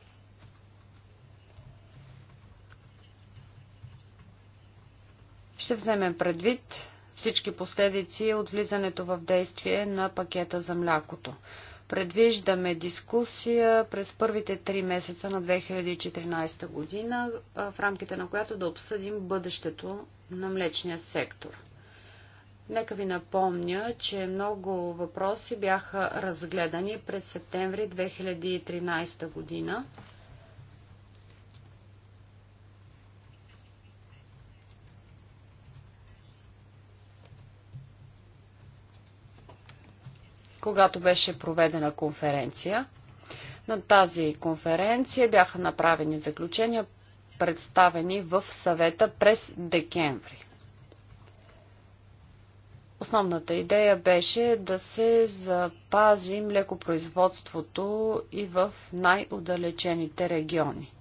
Ще вземем предвид всички последици от влизането в действие на пакета за млякото. Предвиждаме дискусия през първите три месеца на 2014 година, в рамките на която да обсъдим бъдещето на млечния сектор. Нека ви напомня, че много въпроси бяха разгледани през септември 2013 година. когато беше проведена конференция. На тази конференция бяха направени заключения, представени в съвета през декември. Основната идея беше да се запази млекопроизводството и в най-удалечените региони.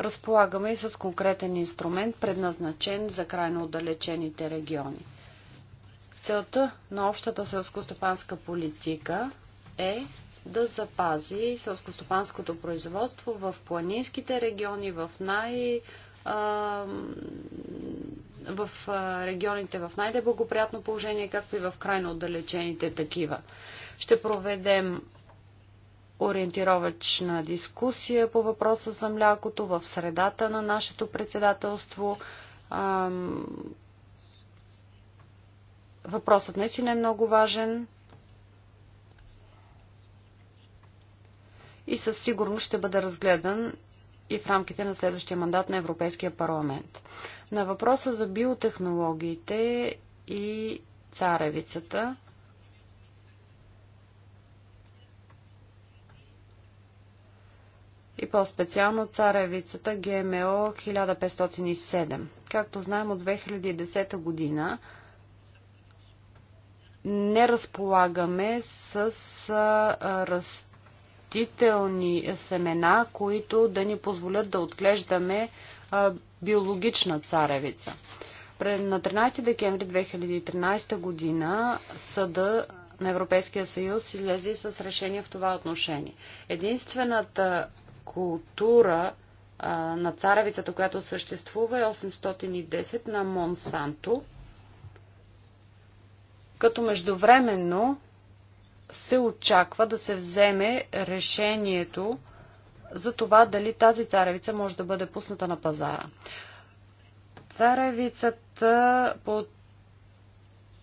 Разполагаме и с конкретен инструмент, предназначен за крайно отдалечените региони. Целта на общата селскостопанска политика е да запази селскостопанското производство в планинските региони, в най- в регионите в най-деблагоприятно положение, както и в крайно отдалечените такива. Ще проведем ориентировачна дискусия по въпроса за млякото в средата на нашето председателство. Въпросът наистина е много важен. и със сигурност ще бъде разгледан и в рамките на следващия мандат на Европейския парламент. На въпроса за биотехнологиите и царевицата, и по-специално царевицата ГМО 1507. Както знаем от 2010 година не разполагаме с растителни семена, които да ни позволят да отглеждаме биологична царевица. На 13 декември 2013 година съда на Европейския съюз излезе с решение в това отношение. Единствената култура а, на царевицата, която съществува е 810 на Монсанто, като междувременно се очаква да се вземе решението за това дали тази царевица може да бъде пусната на пазара. Царевицата по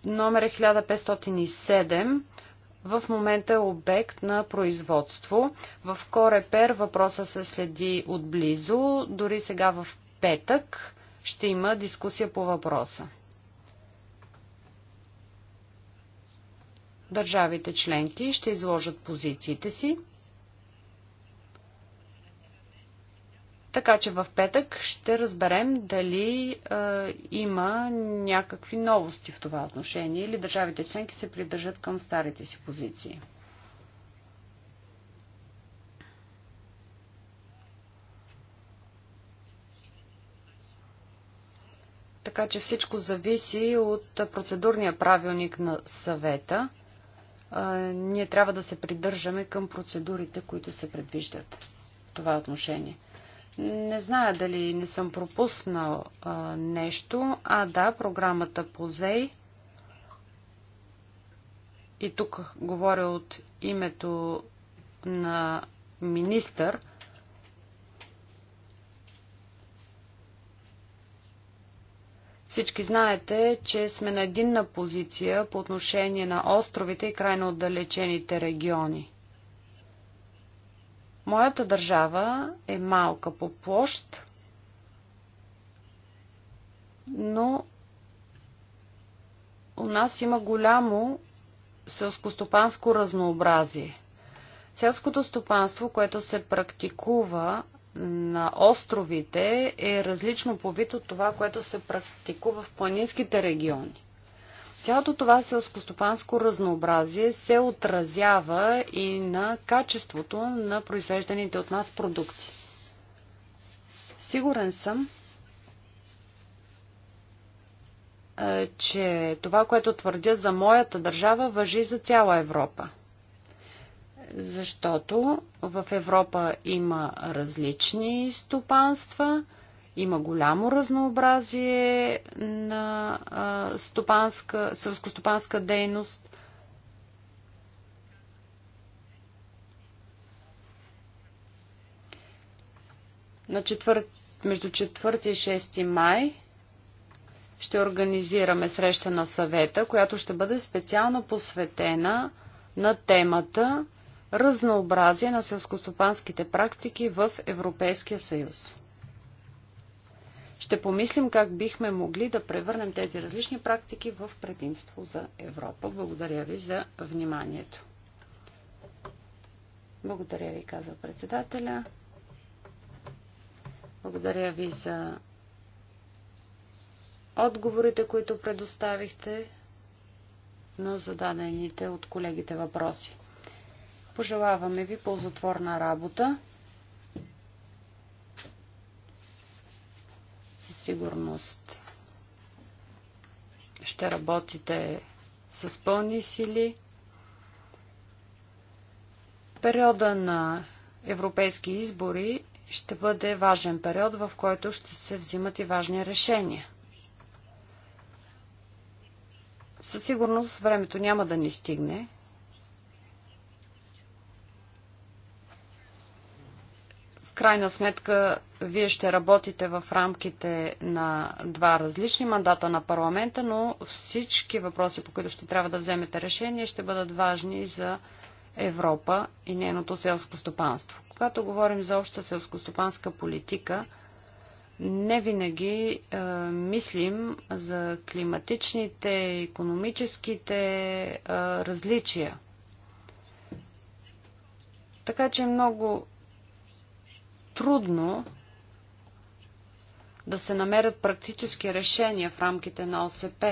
номер 1507 е в момента е обект на производство. В Корепер въпроса се следи отблизо. Дори сега в петък ще има дискусия по въпроса. Държавите членки ще изложат позициите си. Така че в петък ще разберем дали е, има някакви новости в това отношение или държавите членки се придържат към старите си позиции. Така че всичко зависи от процедурния правилник на съвета. Е, ние трябва да се придържаме към процедурите, които се предвиждат в това отношение. Не зная дали не съм пропуснал а, нещо. А, да, програмата по ЗЕЙ. И тук говоря от името на министър. Всички знаете, че сме на единна позиция по отношение на островите и крайно отдалечените региони. Моята държава е малка по площ, но у нас има голямо селскостопанско разнообразие. Селското стопанство, което се практикува на островите, е различно по вид от това, което се практикува в планинските региони. Цялото това селскостопанско разнообразие се отразява и на качеството на произвежданите от нас продукти. Сигурен съм, е, че това, което твърдя за моята държава, въжи за цяла Европа. Защото в Европа има различни стопанства – има голямо разнообразие на селскостопанска дейност. На четвър... Между 4 и 6 май ще организираме среща на съвета, която ще бъде специално посветена на темата разнообразие на селскостопанските практики в Европейския съюз. Ще помислим как бихме могли да превърнем тези различни практики в предимство за Европа. Благодаря ви за вниманието. Благодаря ви, казва председателя. Благодаря ви за отговорите, които предоставихте на зададените от колегите въпроси. Пожелаваме ви ползотворна работа. сигурност. Ще работите с пълни сили. Периода на европейски избори ще бъде важен период, в който ще се взимат и важни решения. Със сигурност времето няма да ни стигне, крайна сметка вие ще работите в рамките на два различни мандата на парламента, но всички въпроси, по които ще трябва да вземете решение, ще бъдат важни за Европа и нейното селско стопанство. Когато говорим за обща селскостопанска политика, не винаги е, мислим за климатичните, економическите е, различия. Така че много трудно да се намерят практически решения в рамките на ОСП.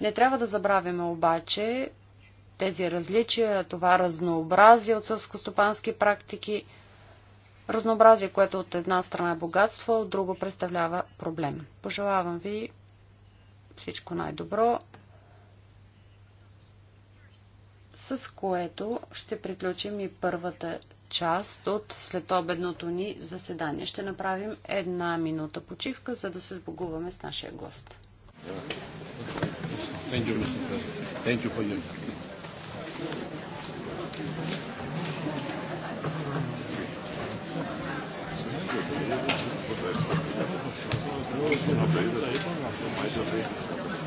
Не трябва да забравяме обаче тези различия, това разнообразие от сълскостопански практики, разнообразие, което от една страна е богатство, от друго представлява проблем. Пожелавам ви всичко най-добро, с което ще приключим и първата част от следобедното ни заседание. Ще направим една минута почивка, за да се сбогуваме с нашия гост. Thank you, Thank you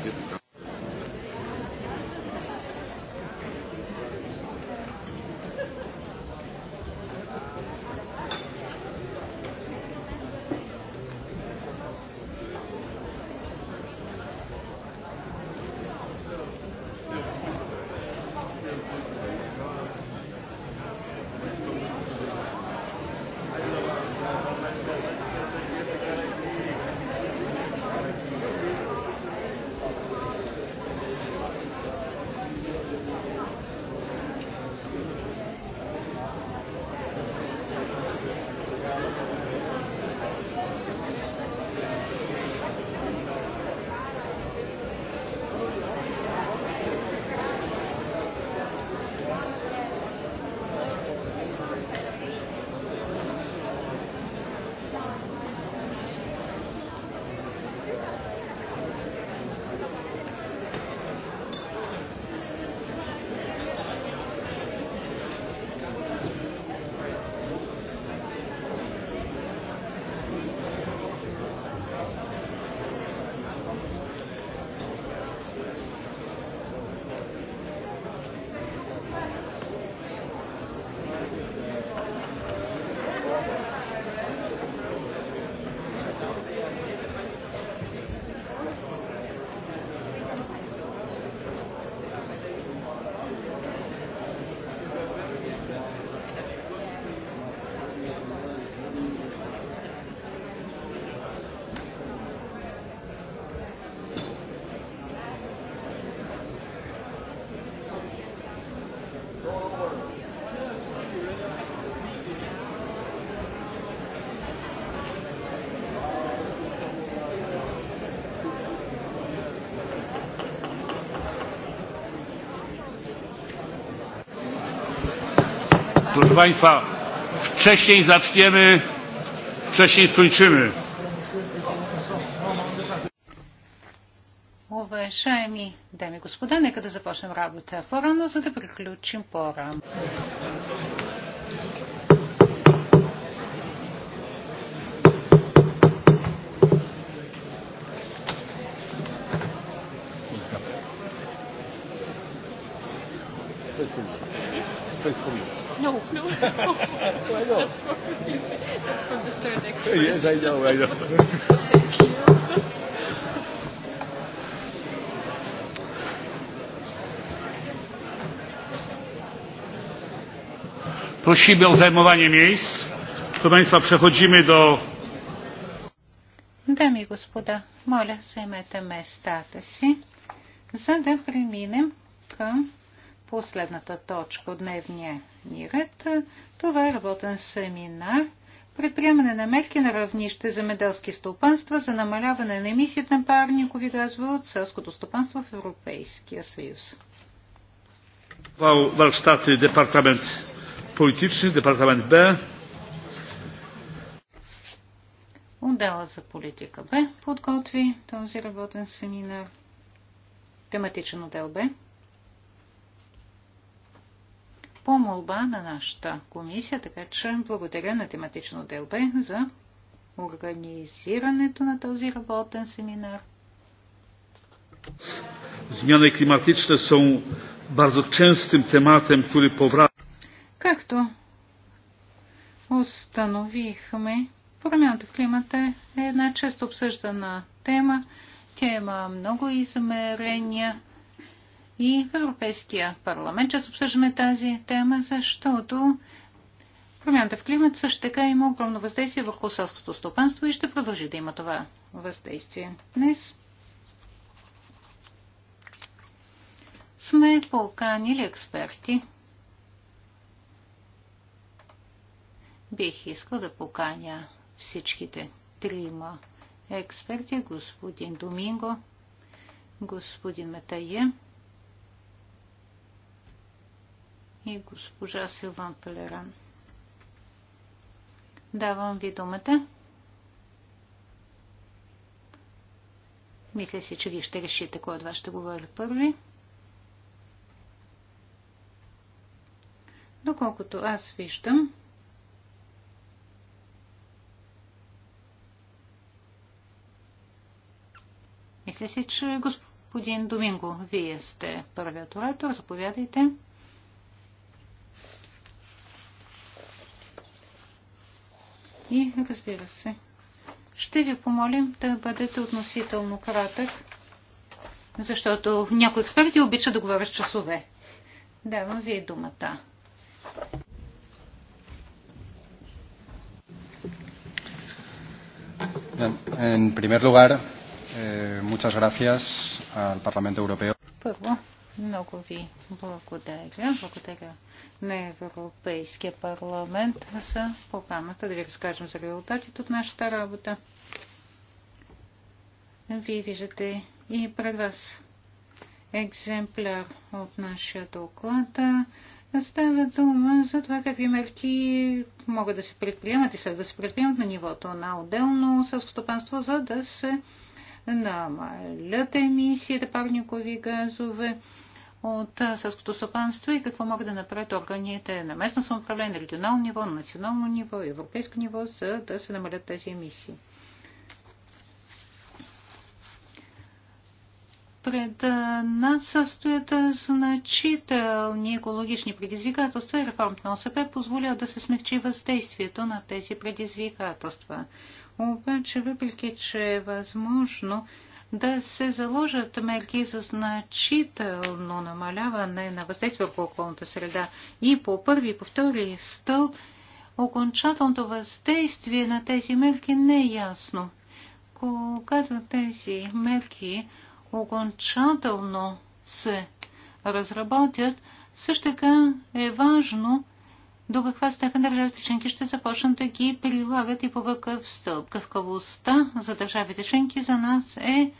Thank you. Państwa, wcześniej zaczniemy, wcześniej skończymy. Уважаеми дами и господа, нека да започнем работа по-рано, за да приключим по-рано. Спасибо. Спасибо. No, no. I know. That's for, the third expert. Yes, I know, I know. Thank you. Prosimy o zajmowanie miejsc. Proszę Państwa, przechodzimy do... Dami gospoda, моля, zajmę te miejsca, за да преминем kom последната точка от дневния ни ред. Това е работен семинар предприемане на мерки на равнище земеделски стопанства за намаляване на емисията на парникови газове от селското стопанство в Европейския съюз. Warsztaty департамент Polityczny, департамент Б. Отделът за политика Б подготви този работен семинар. Тематичен отдел Б по молба на нашата комисия, така че благодаря на тематично ДЛБ за организирането на този работен семинар. Змяна и климатична са много честим tematem, który powraca. Както установихме, промяната в климата е една често обсъждана тема. Тя има много измерения – и в Европейския парламент. Често обсъждаме тази тема, защото промяната в климат също така има огромно въздействие върху селското стопанство и ще продължи да има това въздействие. Днес сме поканили експерти. Бих искал да поканя всичките трима експерти, господин Доминго, господин Метае и госпожа Силван Пелеран. Давам ви думата. Мисля си, че вие ще решите кой от вас ще говори първи. Доколкото аз виждам, мисля си, че господин Доминго, вие сте първият оратор. Заповядайте. И разбира се, ще ви помолим да бъдете относително кратък, защото някои експерти обичат да говорят часове. Давам ви думата. En primer lugar, eh, muchas gracias al Parlamento Europeo. Първо, много ви благодаря. Благодаря на Европейския парламент за програмата да ви разкажем за резултатите от нашата работа. Вие виждате и пред вас екземпляр от нашия доклад. Става дума за това какви мерки могат да се предприемат и следва да се предприемат на нивото на отделно селскостопанство, за да се намалят емисиите парникови газове, от сърското стопанство и какво могат да направят органите на местно самоуправление, на регионално ниво, на национално ниво, европейско ниво, за да се намалят тези емисии. Пред нас стоят значителни екологични предизвикателства и реформата на ОСП позволя да се смягчи въздействието на тези предизвикателства. Обаче, въпреки че е възможно да се заложат мерки за значително намаляване на въздействие по околната среда и по първи и по втори стълб окончателното въздействие на тези мерки не е ясно. Когато тези мерки окончателно се разработят, също така е важно до каква степен държавите членки ще започнат да ги прилагат и по какъв стълб. Къвкавостта за държавите членки за нас е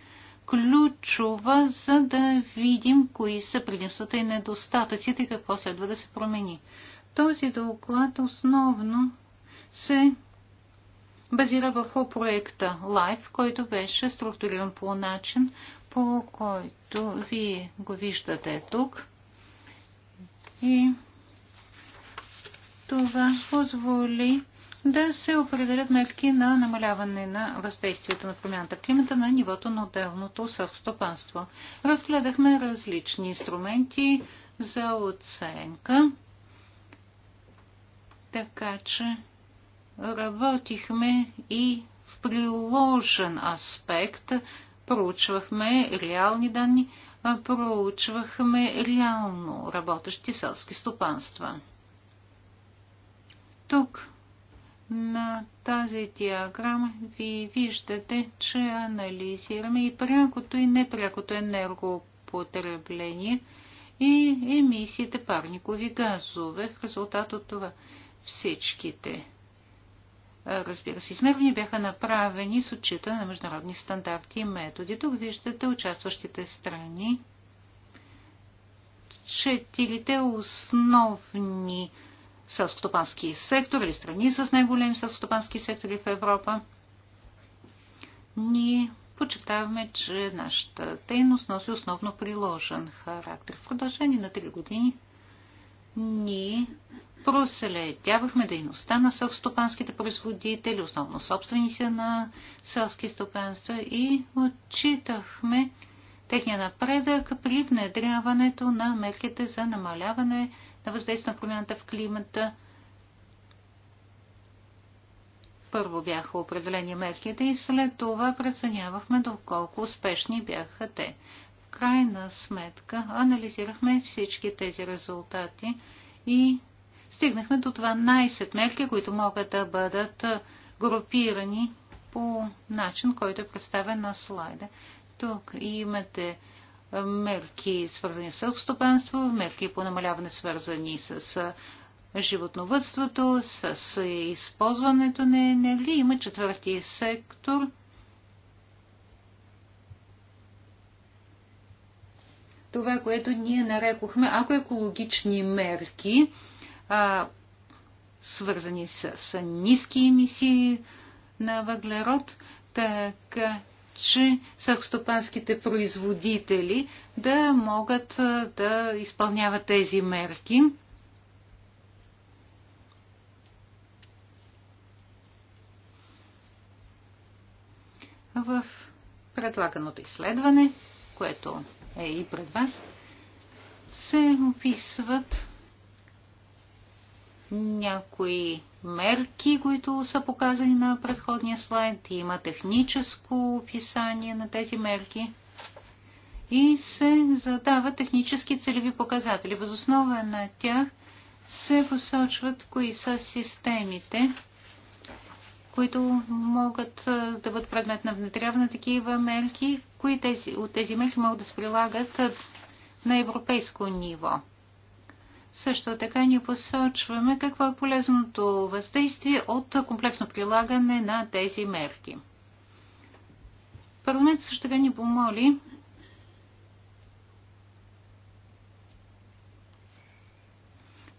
ключова, за да видим кои са предимствата и недостатъците и какво следва да се промени. Този доклад основно се базира върху проекта LIFE, който беше структуриран по начин, по който вие го виждате тук. И това позволи да се определят мерки на намаляване на въздействието на промяната в климата на нивото на отделното селскостопанство. Разгледахме различни инструменти за оценка, така че работихме и в приложен аспект, проучвахме реални данни, проучвахме реално работещи селски стопанства. Тук на тази диаграма ви виждате, че анализираме и прякото и непрякото енергопотребление и емисиите парникови газове в резултат от това. Всичките, разбира се, измервания бяха направени с отчита на международни стандарти и методи. Тук виждате участващите страни. Четирите основни селскостопански сектор или страни с най-големи селскостопански сектори в Европа, ние подчертаваме, че нашата дейност носи основно приложен характер. В продължение на 3 години ние проследявахме дейността на селскостопанските производители, основно собственици на селски стопанства и отчитахме техния напредък при внедряването на мерките за намаляване на въздействие на промяната в климата. Първо бяха определени мерките и след това преценявахме доколко успешни бяха те. В крайна сметка анализирахме всички тези резултати и стигнахме до 12 мерки, които могат да бъдат групирани по начин, който е представен на слайда. Тук имате е, мерки свързани с селскостопанство, мерки по намаляване свързани с е, животновътството, с е, използването на енергия. Има четвърти сектор. Това, което ние нарекохме ако екологични мерки, а, свързани с, с ниски емисии на въглерод, така че съхстопанските производители да могат да изпълняват тези мерки. В предлаганото изследване, което е и пред вас, се описват някои мерки, които са показани на предходния слайд. Има техническо описание на тези мерки и се задават технически целеви показатели. Възоснова на тях се посочват кои са системите, които могат да бъдат предмет на внедряване на такива мерки, кои тези, от тези мерки могат да се прилагат на европейско ниво. Също така ни посочваме какво е полезното въздействие от комплексно прилагане на тези мерки. Парламент също така ни помоли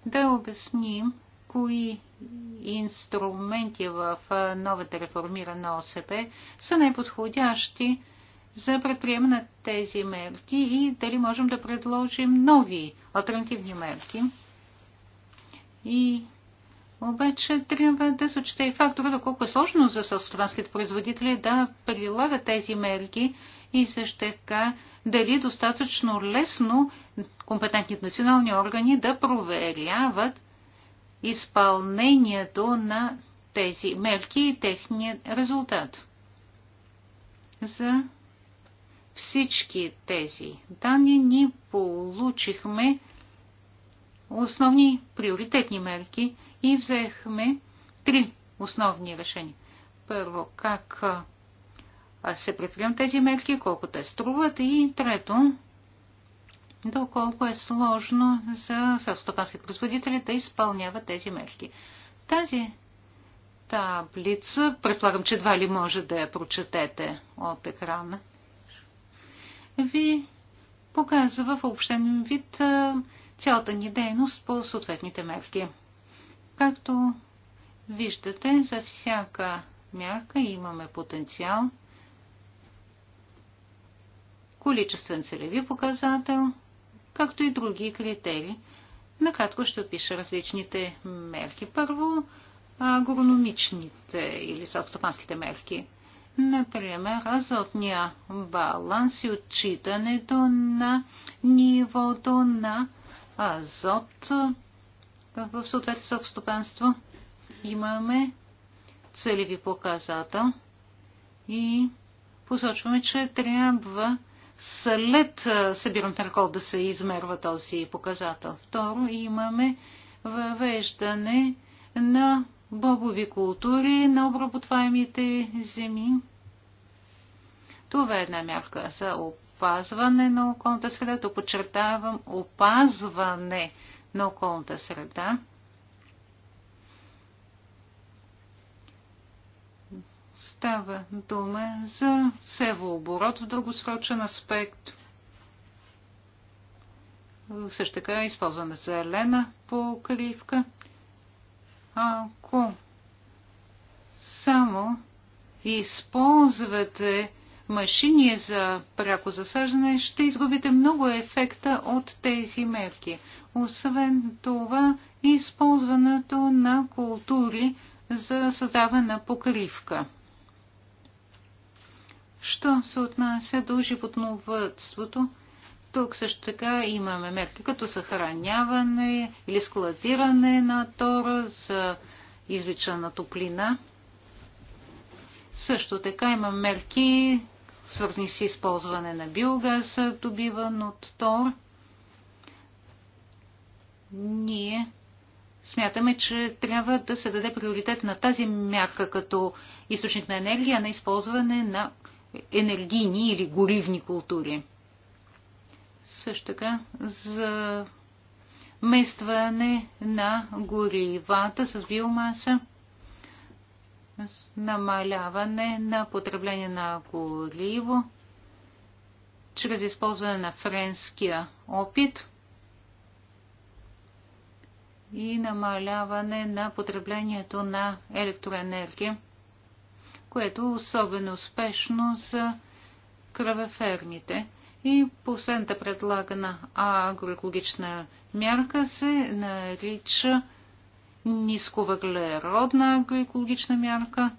да обясним кои инструменти в новата реформирана ОСП са най-подходящи за предприема на тези мерки и дали можем да предложим нови альтернативни мерки. И обаче трябва да се отчете и фактора, доколко е сложно за селскостопанските производители да прилагат тези мерки и също така дали е достатъчно лесно компетентните национални органи да проверяват изпълнението на тези мерки и техният резултат. За всички тези данни ни получихме основни приоритетни мерки и взехме три основни решения. Първо, как се предприемат тези мерки, колко те струват и трето, доколко е сложно за съвстопански производители да изпълняват тези мерки. Тази таблица, предполагам, че едва ли може да я прочетете от екрана ви показва в общен вид цялата ни дейност по съответните мерки. Както виждате, за всяка мярка имаме потенциал, количествен целеви показател, както и други критерии. Накратко ще опиша различните мерки. Първо, агрономичните или селскостопанските мерки. Например, азотния баланс и отчитането на нивото на азот в съответствие с стопанство. Имаме целеви показател и посочваме, че трябва след събирането на рекол да се измерва този показател. Второ, имаме въвеждане на бобови култури на обработваемите земи. Това е една мярка за опазване на околната среда. То подчертавам опазване на околната среда. Става дума за севооборот в дългосрочен аспект. Също така е използваме зелена покривка – ако само използвате машини за пряко засаждане, ще изгубите много ефекта от тези мерки. Освен това, използването на култури за създаване на покривка. Що се отнася до животновътството, тук също така имаме мерки като съхраняване или складиране на тора за извичана топлина. Също така има мерки, свързани с използване на биогаз, добиван от тор. Ние смятаме, че трябва да се даде приоритет на тази мярка като източник на енергия, на използване на енергийни или горивни култури също така за местване на горивата с биомаса, намаляване на потребление на гориво, чрез използване на френския опит и намаляване на потреблението на електроенергия, което е особено успешно за кръвефермите. И последната предлагана агроекологична мярка се нарича нисковъглеродна агроекологична мярка.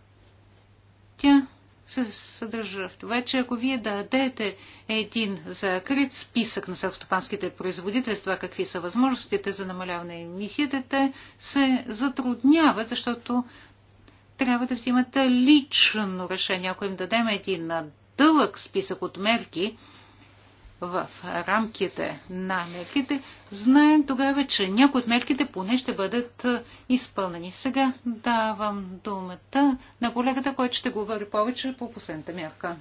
Тя се съдържа в това, че ако вие дадете един закрит списък на селскостопанските производители с това какви са възможностите за намаляване на емисията, те се затрудняват, защото трябва да взимате лично решение. Ако им дадем един дълъг списък от мерки, в рамките на мерките, знаем тогава, че някои от мерките поне ще бъдат изпълнени. Сега давам думата на колегата, който ще говори повече по последната мярка.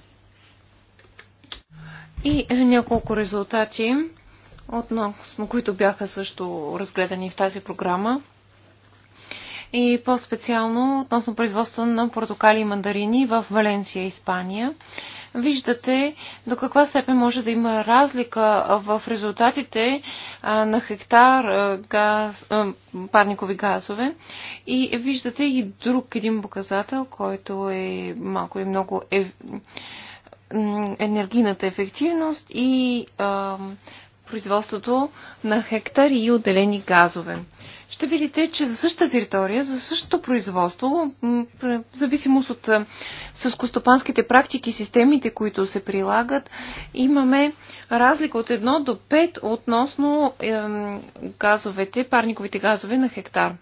И е, няколко резултати, относно които бяха също разгледани в тази програма. И по-специално относно производство на портокали и мандарини в Валенсия, Испания виждате до каква степен може да има разлика в резултатите на хектар газ, парникови газове. И виждате и друг един показател, който е малко и много е, енергийната ефективност и е, производството на хектари и отделени газове ще видите, че за същата територия, за същото производство, в зависимост от съскостопанските практики, системите, които се прилагат, имаме разлика от 1 до 5 относно газовете, парниковите газове на хектар.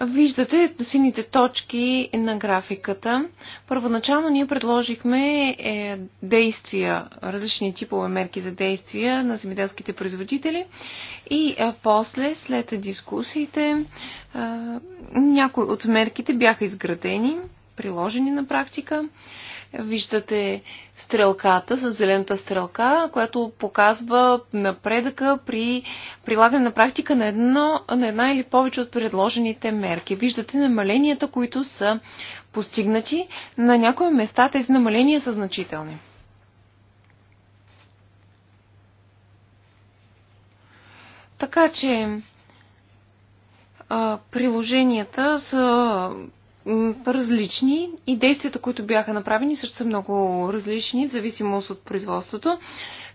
Виждате сините точки на графиката. Първоначално ние предложихме е, действия, различни типове мерки за действия на земеделските производители и е, после, след дискусиите, е, някои от мерките бяха изградени, приложени на практика. Виждате стрелката с зелената стрелка, която показва напредъка при прилагане на практика на, едно, на една или повече от предложените мерки. Виждате намаленията, които са постигнати. На някои места тези намаления са значителни. Така че а, приложенията са различни и действията, които бяха направени, също са много различни, в зависимост от производството.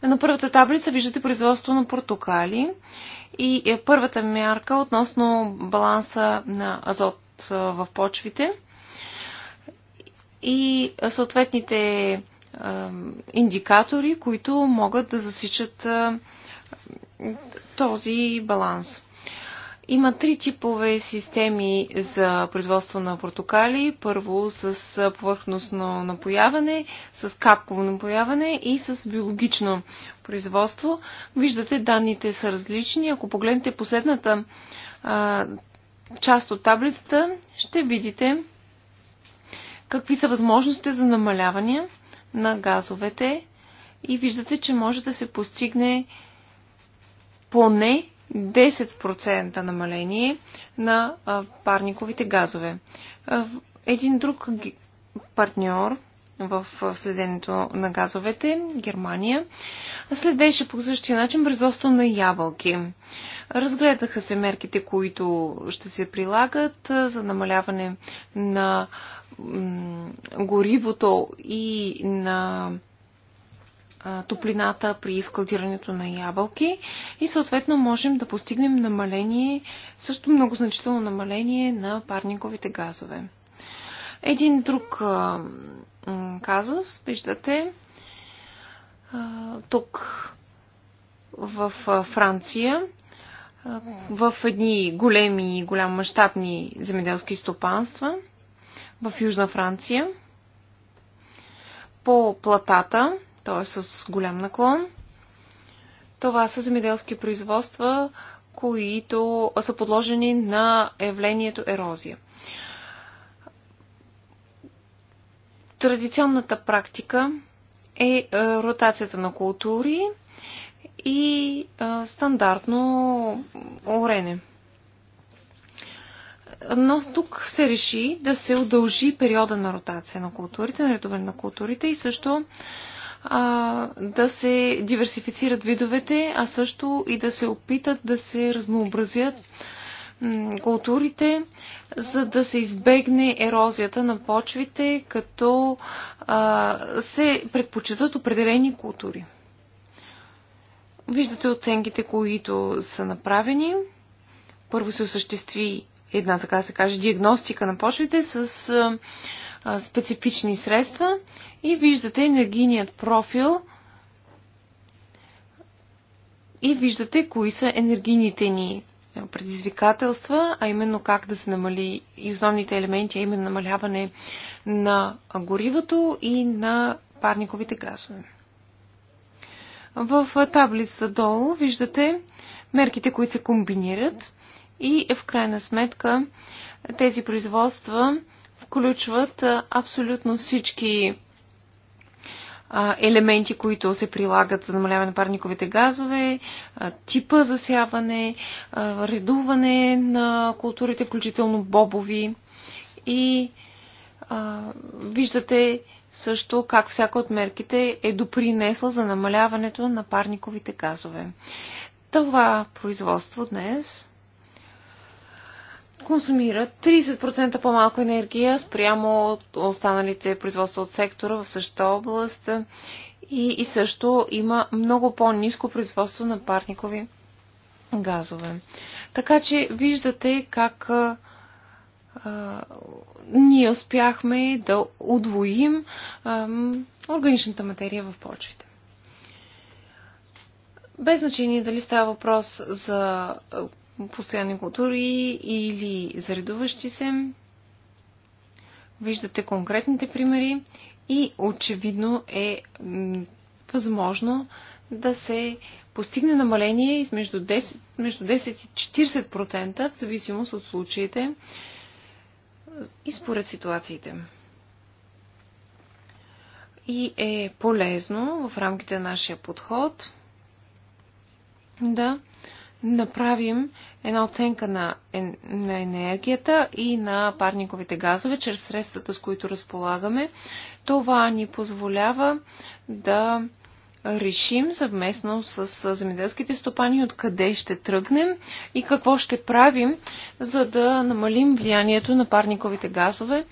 На първата таблица виждате производство на портокали и е първата мярка относно баланса на азот в почвите и съответните индикатори, които могат да засичат този баланс. Има три типове системи за производство на портокали. Първо с повърхностно напояване, с капково напояване и с биологично производство. Виждате, данните са различни. Ако погледнете последната а, част от таблицата, ще видите какви са възможностите за намаляване на газовете и виждате, че може да се постигне поне 10% намаление на парниковите газове. Един друг партньор в следенето на газовете, Германия, следеше по същия начин производство на ябълки. Разгледаха се мерките, които ще се прилагат за намаляване на горивото и на топлината при складирането на ябълки и съответно можем да постигнем намаление, също много значително намаление на парниковите газове. Един друг казус, виждате, тук в Франция, в едни големи и голям мащабни земеделски стопанства в Южна Франция, по платата, той е с голям наклон. Това са земеделски производства, които са подложени на явлението ерозия. Традиционната практика е, е ротацията на култури и е, стандартно орене. Но тук се реши да се удължи периода на ротация на културите, на редоване на културите и също а, да се диверсифицират видовете, а също и да се опитат да се разнообразят културите, за да се избегне ерозията на почвите, като а, се предпочитат определени култури. Виждате оценките, които са направени. Първо се осъществи една, така се каже, диагностика на почвите с специфични средства и виждате енергийният профил и виждате кои са енергийните ни предизвикателства, а именно как да се намали и основните елементи, а именно намаляване на горивото и на парниковите газове. В таблица долу виждате мерките, които се комбинират и е, в крайна сметка тези производства включват абсолютно всички елементи, които се прилагат за намаляване на парниковите газове, типа засяване, редуване на културите, включително бобови. И а, виждате също как всяка от мерките е допринесла за намаляването на парниковите газове. Това производство днес Консумира 30% по-малко енергия спрямо от останалите производства от сектора в същата област и, и също има много по-низко производство на парникови газове. Така че виждате как а, а, ние успяхме да удвоим а, органичната материя в почвите. Без значение дали става въпрос за постоянни култури или заредуващи се. Виждате конкретните примери и очевидно е възможно да се постигне намаление между 10, между 10 и 40% в зависимост от случаите и според ситуациите. И е полезно в рамките на нашия подход да направим една оценка на, на енергията и на парниковите газове чрез средствата, с които разполагаме. Това ни позволява да решим съвместно с земеделските стопани откъде ще тръгнем и какво ще правим, за да намалим влиянието на парниковите газове.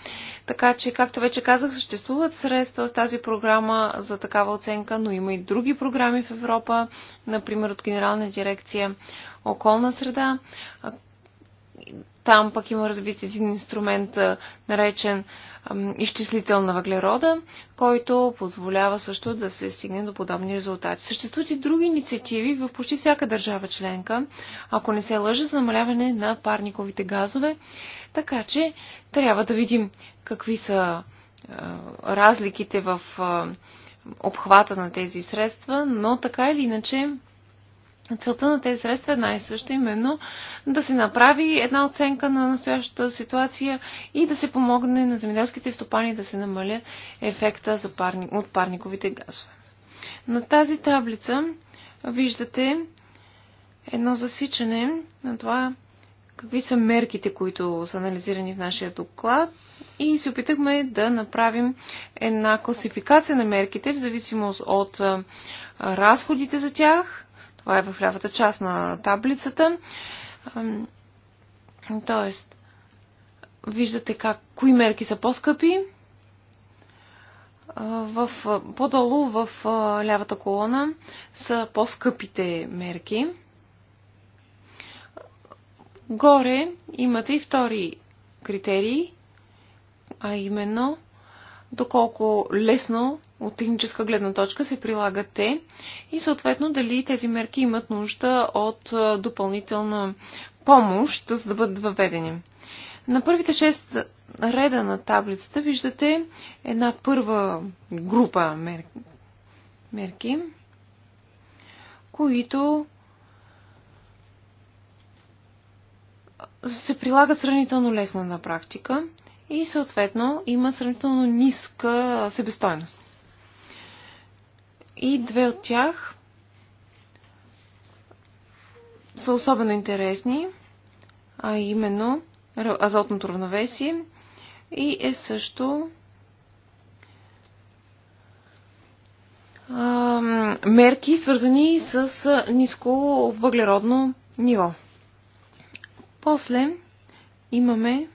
Така че, както вече казах, съществуват средства в тази програма за такава оценка, но има и други програми в Европа, например от Генерална дирекция околна среда, там пък има развит един инструмент, наречен изчислител на въглерода, който позволява също да се стигне до подобни резултати. Съществуват и други инициативи в почти всяка държава членка, ако не се лъжа, за намаляване на парниковите газове. Така че трябва да видим какви са разликите в обхвата на тези средства, но така или иначе Целта на тези средства е една и съща, именно да се направи една оценка на настоящата ситуация и да се помогне на земеделските стопани да се намаля ефекта за парни, от парниковите газове. На тази таблица виждате едно засичане на това какви са мерките, които са анализирани в нашия доклад и се опитахме да направим една класификация на мерките в зависимост от разходите за тях – това е в лявата част на таблицата. Тоест, виждате как, кои мерки са по-скъпи. В, по-долу в лявата колона са по-скъпите мерки. Горе имате и втори критерии, а именно – доколко лесно от техническа гледна точка се прилагат те и съответно дали тези мерки имат нужда от допълнителна помощ, за да бъдат въведени. На първите 6 реда на таблицата виждате една първа група мерки, които се прилагат сравнително лесно на практика и съответно има сравнително ниска себестойност. И две от тях са особено интересни, а именно азотното равновесие и е също а, мерки, свързани с ниско въглеродно ниво. После имаме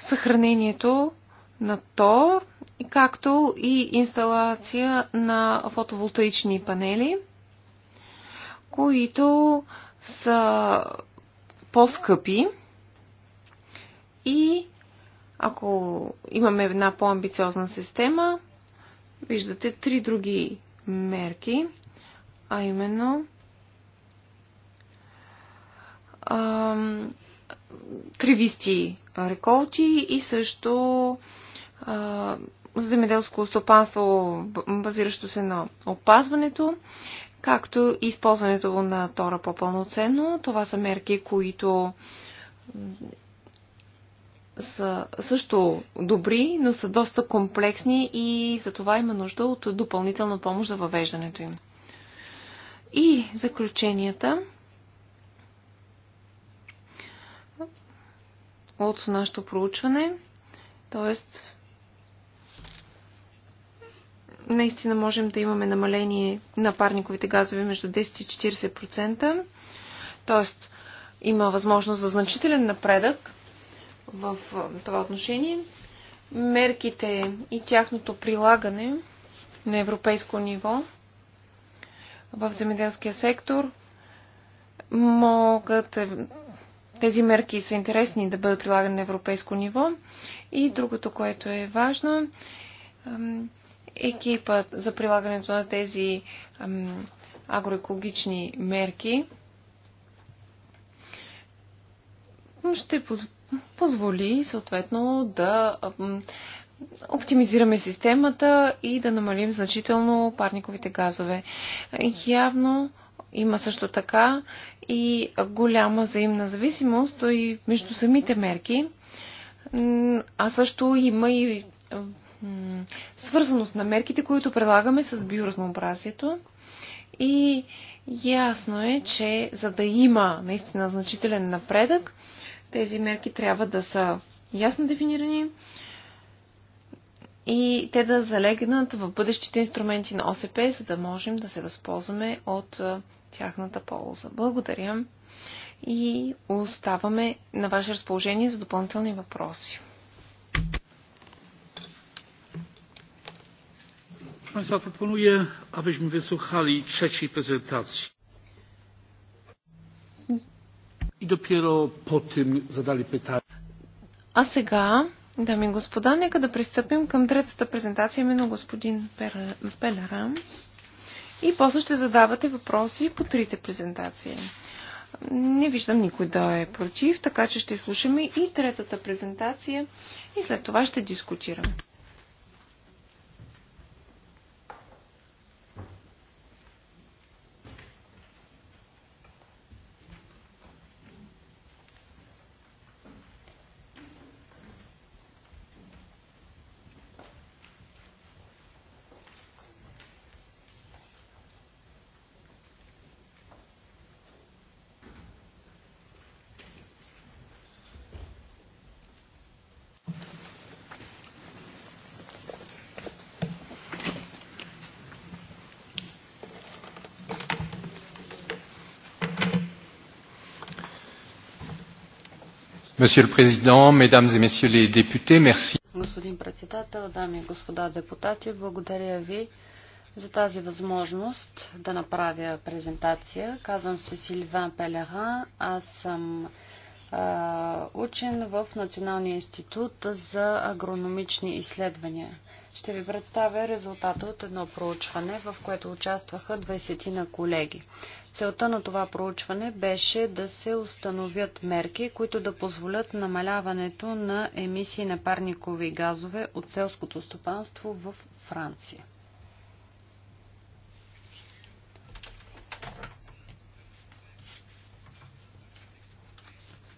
съхранението на тор, както и инсталация на фотоволтаични панели, които са по-скъпи и ако имаме една по-амбициозна система, виждате три други мерки, а именно тревисти реколти и също а, земеделско стопанство, базиращо се на опазването, както и използването на тора по-пълноценно. Това са мерки, които са също добри, но са доста комплексни и за това има нужда от допълнителна помощ за въвеждането им. И заключенията – от нашето проучване. Тоест, наистина можем да имаме намаление на парниковите газове между 10 и 40%. Тоест, има възможност за значителен напредък в това отношение. Мерките и тяхното прилагане на европейско ниво в земеделския сектор могат е, тези мерки са интересни да бъдат прилагани на европейско ниво. И другото, което е важно, екипът за прилагането на тези агроекологични мерки ще позволи съответно да оптимизираме системата и да намалим значително парниковите газове. Явно има също така и голяма взаимна зависимост и между самите мерки, а също има и свързаност на мерките, които предлагаме с биоразнообразието. И ясно е, че за да има наистина значителен напредък, тези мерки трябва да са ясно дефинирани, и те да залегнат в бъдещите инструменти на ОСП, за да можем да се възползваме от тяхната полза. Благодаря и оставаме на ваше разположение за допълнителни въпроси. Państwa proponuję, abyśmy wysłuchali trzeciej prezentacji. I dopiero po tym zadali pytanie. A сега Дами и господа, нека да пристъпим към третата презентация, именно господин Пелерам. И после ще задавате въпроси по трите презентации. Не виждам никой да е против, така че ще слушаме и третата презентация и след това ще дискутираме. Monsieur le Président, Mesdames et Messieurs les députés, merci. Господин председател, дами и господа депутати, благодаря ви за тази възможност да направя презентация. Казвам се Сильван Пелеран, аз съм а, учен в Националния институт за агрономични изследвания. Ще ви представя резултата от едно проучване, в което участваха 20 на колеги. Целта на това проучване беше да се установят мерки, които да позволят намаляването на емисии на парникови газове от селското стопанство в Франция.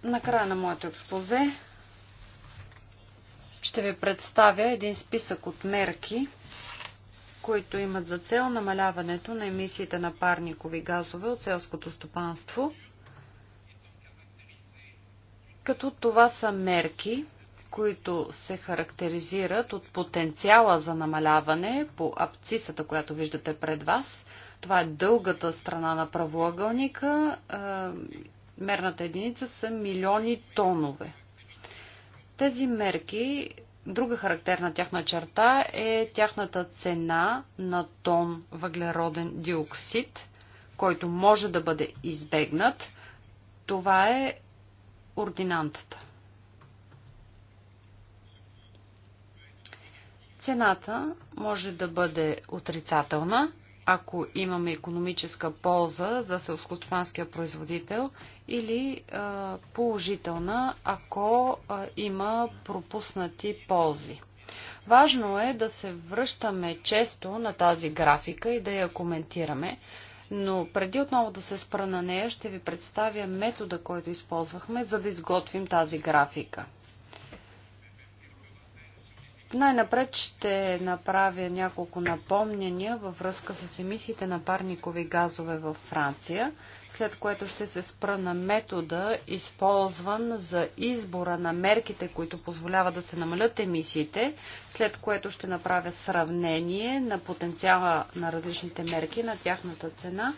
Накрая на моето експозе ще ви представя един списък от мерки, които имат за цел намаляването на емисиите на парникови газове от селското стопанство, като това са мерки, които се характеризират от потенциала за намаляване по абцисата, която виждате пред вас. Това е дългата страна на правоъгълника. Е, мерната единица са милиони тонове. Тези мерки Друга характерна тяхна черта е тяхната цена на тон въглероден диоксид, който може да бъде избегнат. Това е ординантата. Цената може да бъде отрицателна, ако имаме економическа полза за селскостопанския производител или а, положителна, ако а, има пропуснати ползи. Важно е да се връщаме често на тази графика и да я коментираме, но преди отново да се спра на нея, ще ви представя метода, който използвахме, за да изготвим тази графика. Най-напред ще направя няколко напомнения във връзка с емисиите на парникови газове във Франция, след което ще се спра на метода, използван за избора на мерките, които позволява да се намалят емисиите, след което ще направя сравнение на потенциала на различните мерки, на тяхната цена.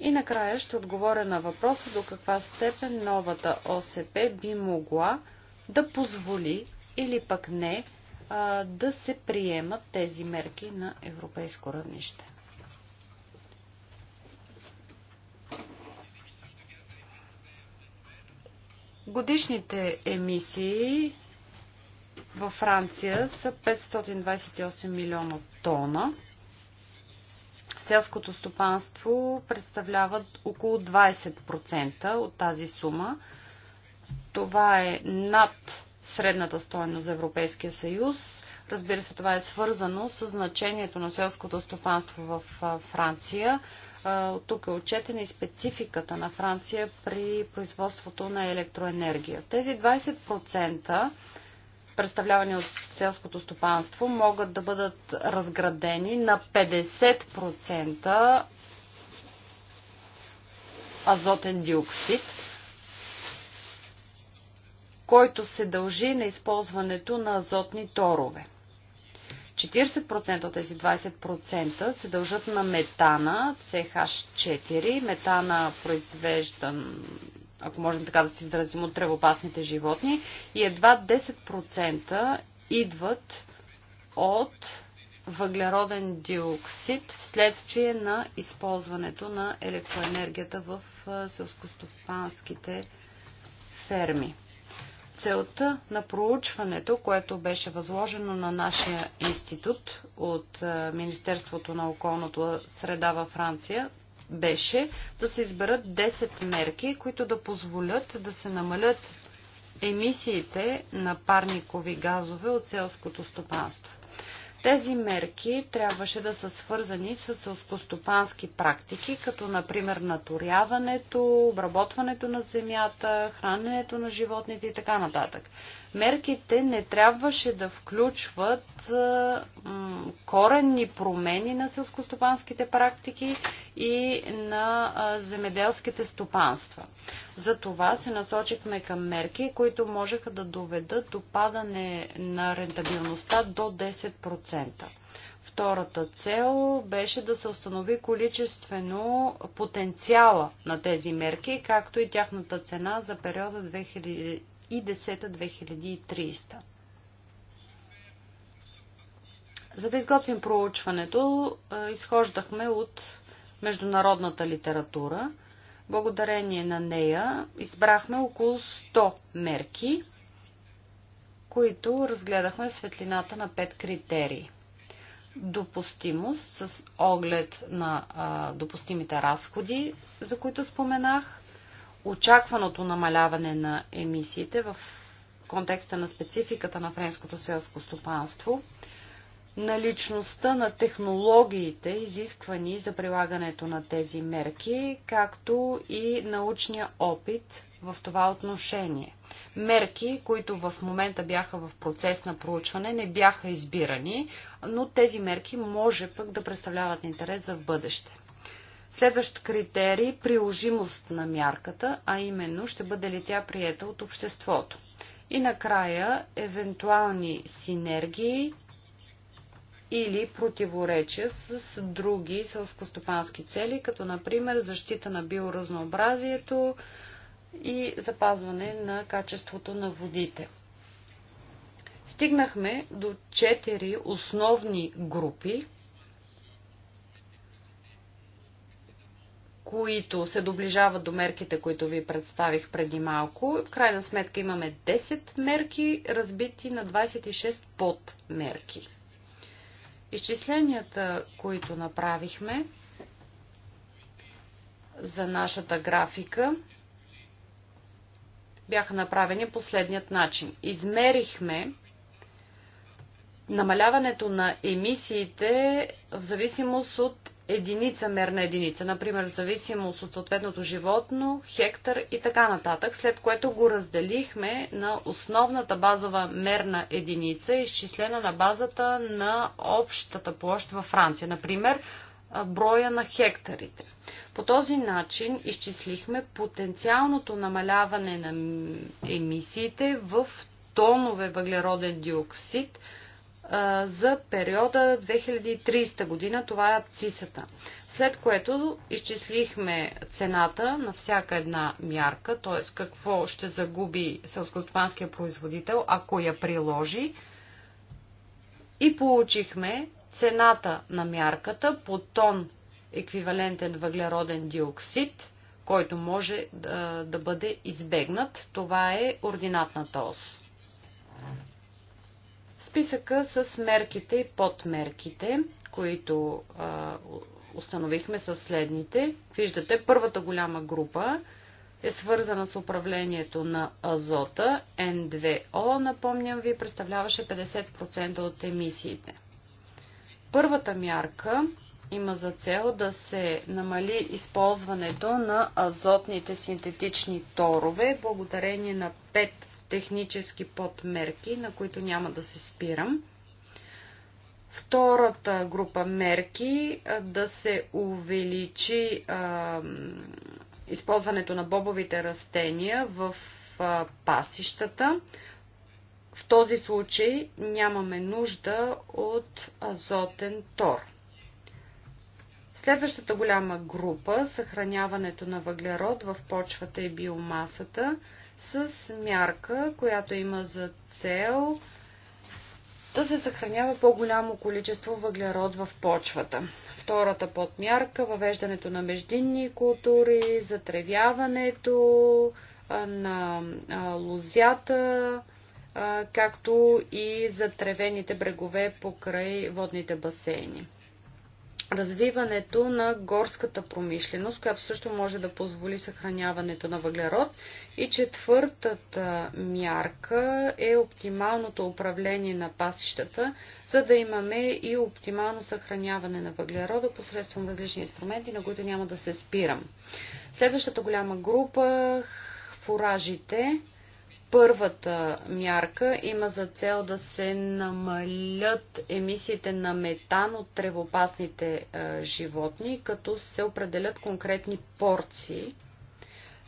И накрая ще отговоря на въпроса до каква степен новата ОСП би могла да позволи или пък не а, да се приемат тези мерки на европейско равнище. Годишните емисии във Франция са 528 милиона тона. Селското стопанство представляват около 20% от тази сума. Това е над средната стоеност за Европейския съюз. Разбира се, това е свързано с значението на селското стопанство в Франция. Тук е отчетена и спецификата на Франция при производството на електроенергия. Тези 20% представлявани от селското стопанство могат да бъдат разградени на 50% азотен диоксид който се дължи на използването на азотни торове. 40% от тези 20% се дължат на метана, CH4, метана произвеждан, ако можем така да се изразим, от тревопасните животни и едва 10% идват от въглероден диоксид вследствие на използването на електроенергията в селскостопанските ферми. Целта на проучването, което беше възложено на нашия институт от е, Министерството на околното среда във Франция, беше да се изберат 10 мерки, които да позволят да се намалят емисиите на парникови газове от селското стопанство. Тези мерки трябваше да са свързани с селскостопански практики, като например наторяването, обработването на земята, храненето на животните и така нататък. Мерките не трябваше да включват коренни промени на селскостопанските практики и на земеделските стопанства. За това се насочихме към мерки, които можеха да доведат до падане на рентабилността до 10%. Втората цел беше да се установи количествено потенциала на тези мерки, както и тяхната цена за периода 2010-2030. За да изготвим проучването, изхождахме от международната литература. Благодарение на нея избрахме около 100 мерки, които разгледахме светлината на 5 критерии. Допустимост с оглед на а, допустимите разходи, за които споменах, очакваното намаляване на емисиите в контекста на спецификата на френското селско стопанство, наличността на технологиите, изисквани за прилагането на тези мерки, както и научния опит в това отношение. Мерки, които в момента бяха в процес на проучване, не бяха избирани, но тези мерки може пък да представляват интерес за в бъдеще. Следващ критерий – приложимост на мярката, а именно ще бъде ли тя приета от обществото. И накрая, евентуални синергии или противоречия с други селскостопански цели, като например защита на биоразнообразието и запазване на качеството на водите. Стигнахме до четири основни групи, които се доближават до мерките, които ви представих преди малко. В крайна сметка имаме 10 мерки, разбити на 26 подмерки. мерки. Изчисленията, които направихме за нашата графика, бяха направени последният начин. Измерихме намаляването на емисиите в зависимост от единица мерна единица, например, зависимост от съответното животно, хектар и така нататък, след което го разделихме на основната базова мерна единица, изчислена на базата на общата площ във Франция, например, броя на хектарите. По този начин изчислихме потенциалното намаляване на емисиите в тонове въглероден диоксид – за периода 2030 година. Това е абцисата. След което изчислихме цената на всяка една мярка, т.е. какво ще загуби селскостопанския производител, ако я приложи. И получихме цената на мярката по тон еквивалентен въглероден диоксид, който може да, да бъде избегнат. Това е ординатната ос. Списъка с мерките и подмерките, които а, установихме с следните. Виждате, първата голяма група е свързана с управлението на азота. N2O, напомням ви, представляваше 50% от емисиите. Първата мярка има за цел да се намали използването на азотните синтетични торове, благодарение на 5 технически подмерки, на които няма да се спирам. Втората група мерки да се увеличи а, използването на бобовите растения в а, пасищата. В този случай нямаме нужда от азотен тор. Следващата голяма група съхраняването на въглерод в почвата и биомасата – с мярка, която има за цел да се съхранява по-голямо количество въглерод в почвата. Втората подмярка въвеждането на междинни култури, затревяването на лозята, както и затревените брегове покрай водните басейни развиването на горската промишленост, която също може да позволи съхраняването на въглерод. И четвъртата мярка е оптималното управление на пасищата, за да имаме и оптимално съхраняване на въглерода посредством различни инструменти, на които няма да се спирам. Следващата голяма група фуражите първата мярка има за цел да се намалят емисиите на метан от тревопасните е, животни, като се определят конкретни порции.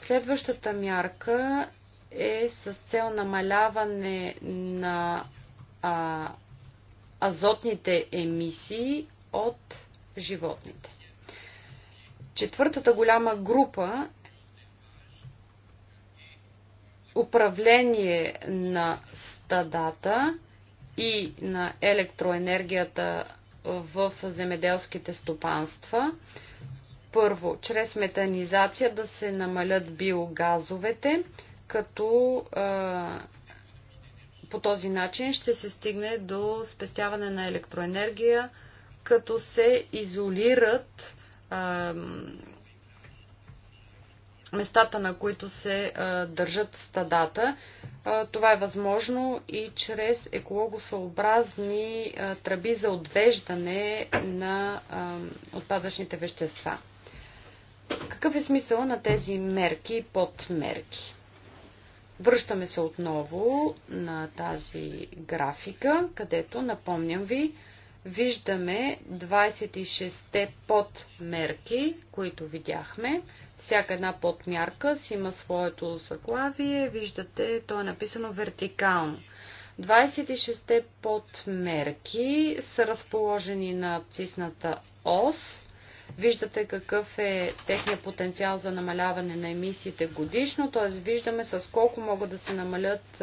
Следващата мярка е с цел намаляване на а, азотните емисии от животните. Четвъртата голяма група управление на стадата и на електроенергията в земеделските стопанства. Първо, чрез метанизация да се намалят биогазовете, като по този начин ще се стигне до спестяване на електроенергия, като се изолират местата, на които се а, държат стадата. А, това е възможно и чрез екологосъобразни а, тръби за отвеждане на а, отпадъчните вещества. Какъв е смисъл на тези мерки и подмерки? Връщаме се отново на тази графика, където, напомням ви, виждаме 26-те подмерки, които видяхме. Всяка една подмярка си има своето заглавие. Виждате, то е написано вертикално. 26-те подмерки са разположени на абцисната ос. Виждате какъв е техният потенциал за намаляване на емисиите годишно, т.е. виждаме с колко могат да се намалят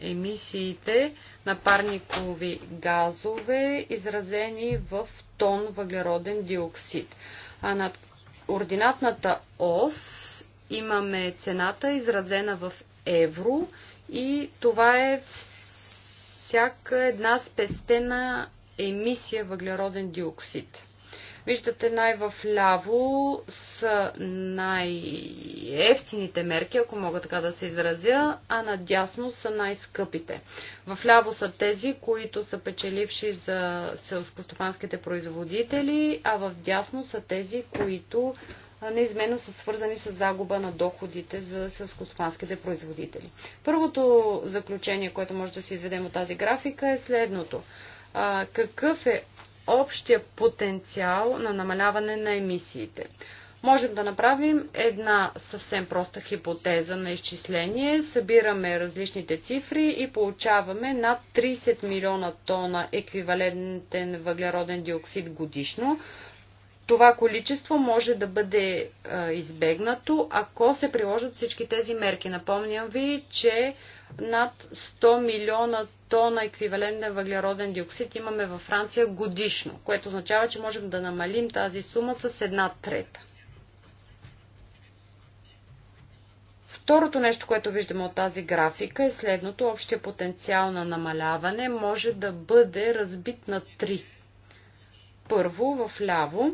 емисиите на парникови газове, изразени в тон въглероден диоксид. А на ординатната ос имаме цената, изразена в евро и това е всяка една спестена емисия въглероден диоксид. Виждате най-вляво са най-ефтините мерки, ако мога така да се изразя, а надясно са най-скъпите. В ляво са тези, които са печеливши за селскостопанските производители, а в дясно са тези, които неизменно са свързани с загуба на доходите за селскостопанските производители. Първото заключение, което може да се изведем от тази графика е следното. какъв е общия потенциал на намаляване на емисиите. Можем да направим една съвсем проста хипотеза на изчисление. Събираме различните цифри и получаваме над 30 милиона тона еквивалентен въглероден диоксид годишно. Това количество може да бъде избегнато, ако се приложат всички тези мерки. Напомням ви, че над 100 милиона тона еквивалентен въглероден диоксид имаме във Франция годишно, което означава, че можем да намалим тази сума с една трета. Второто нещо, което виждаме от тази графика е следното. Общия потенциал на намаляване може да бъде разбит на три. Първо, в ляво,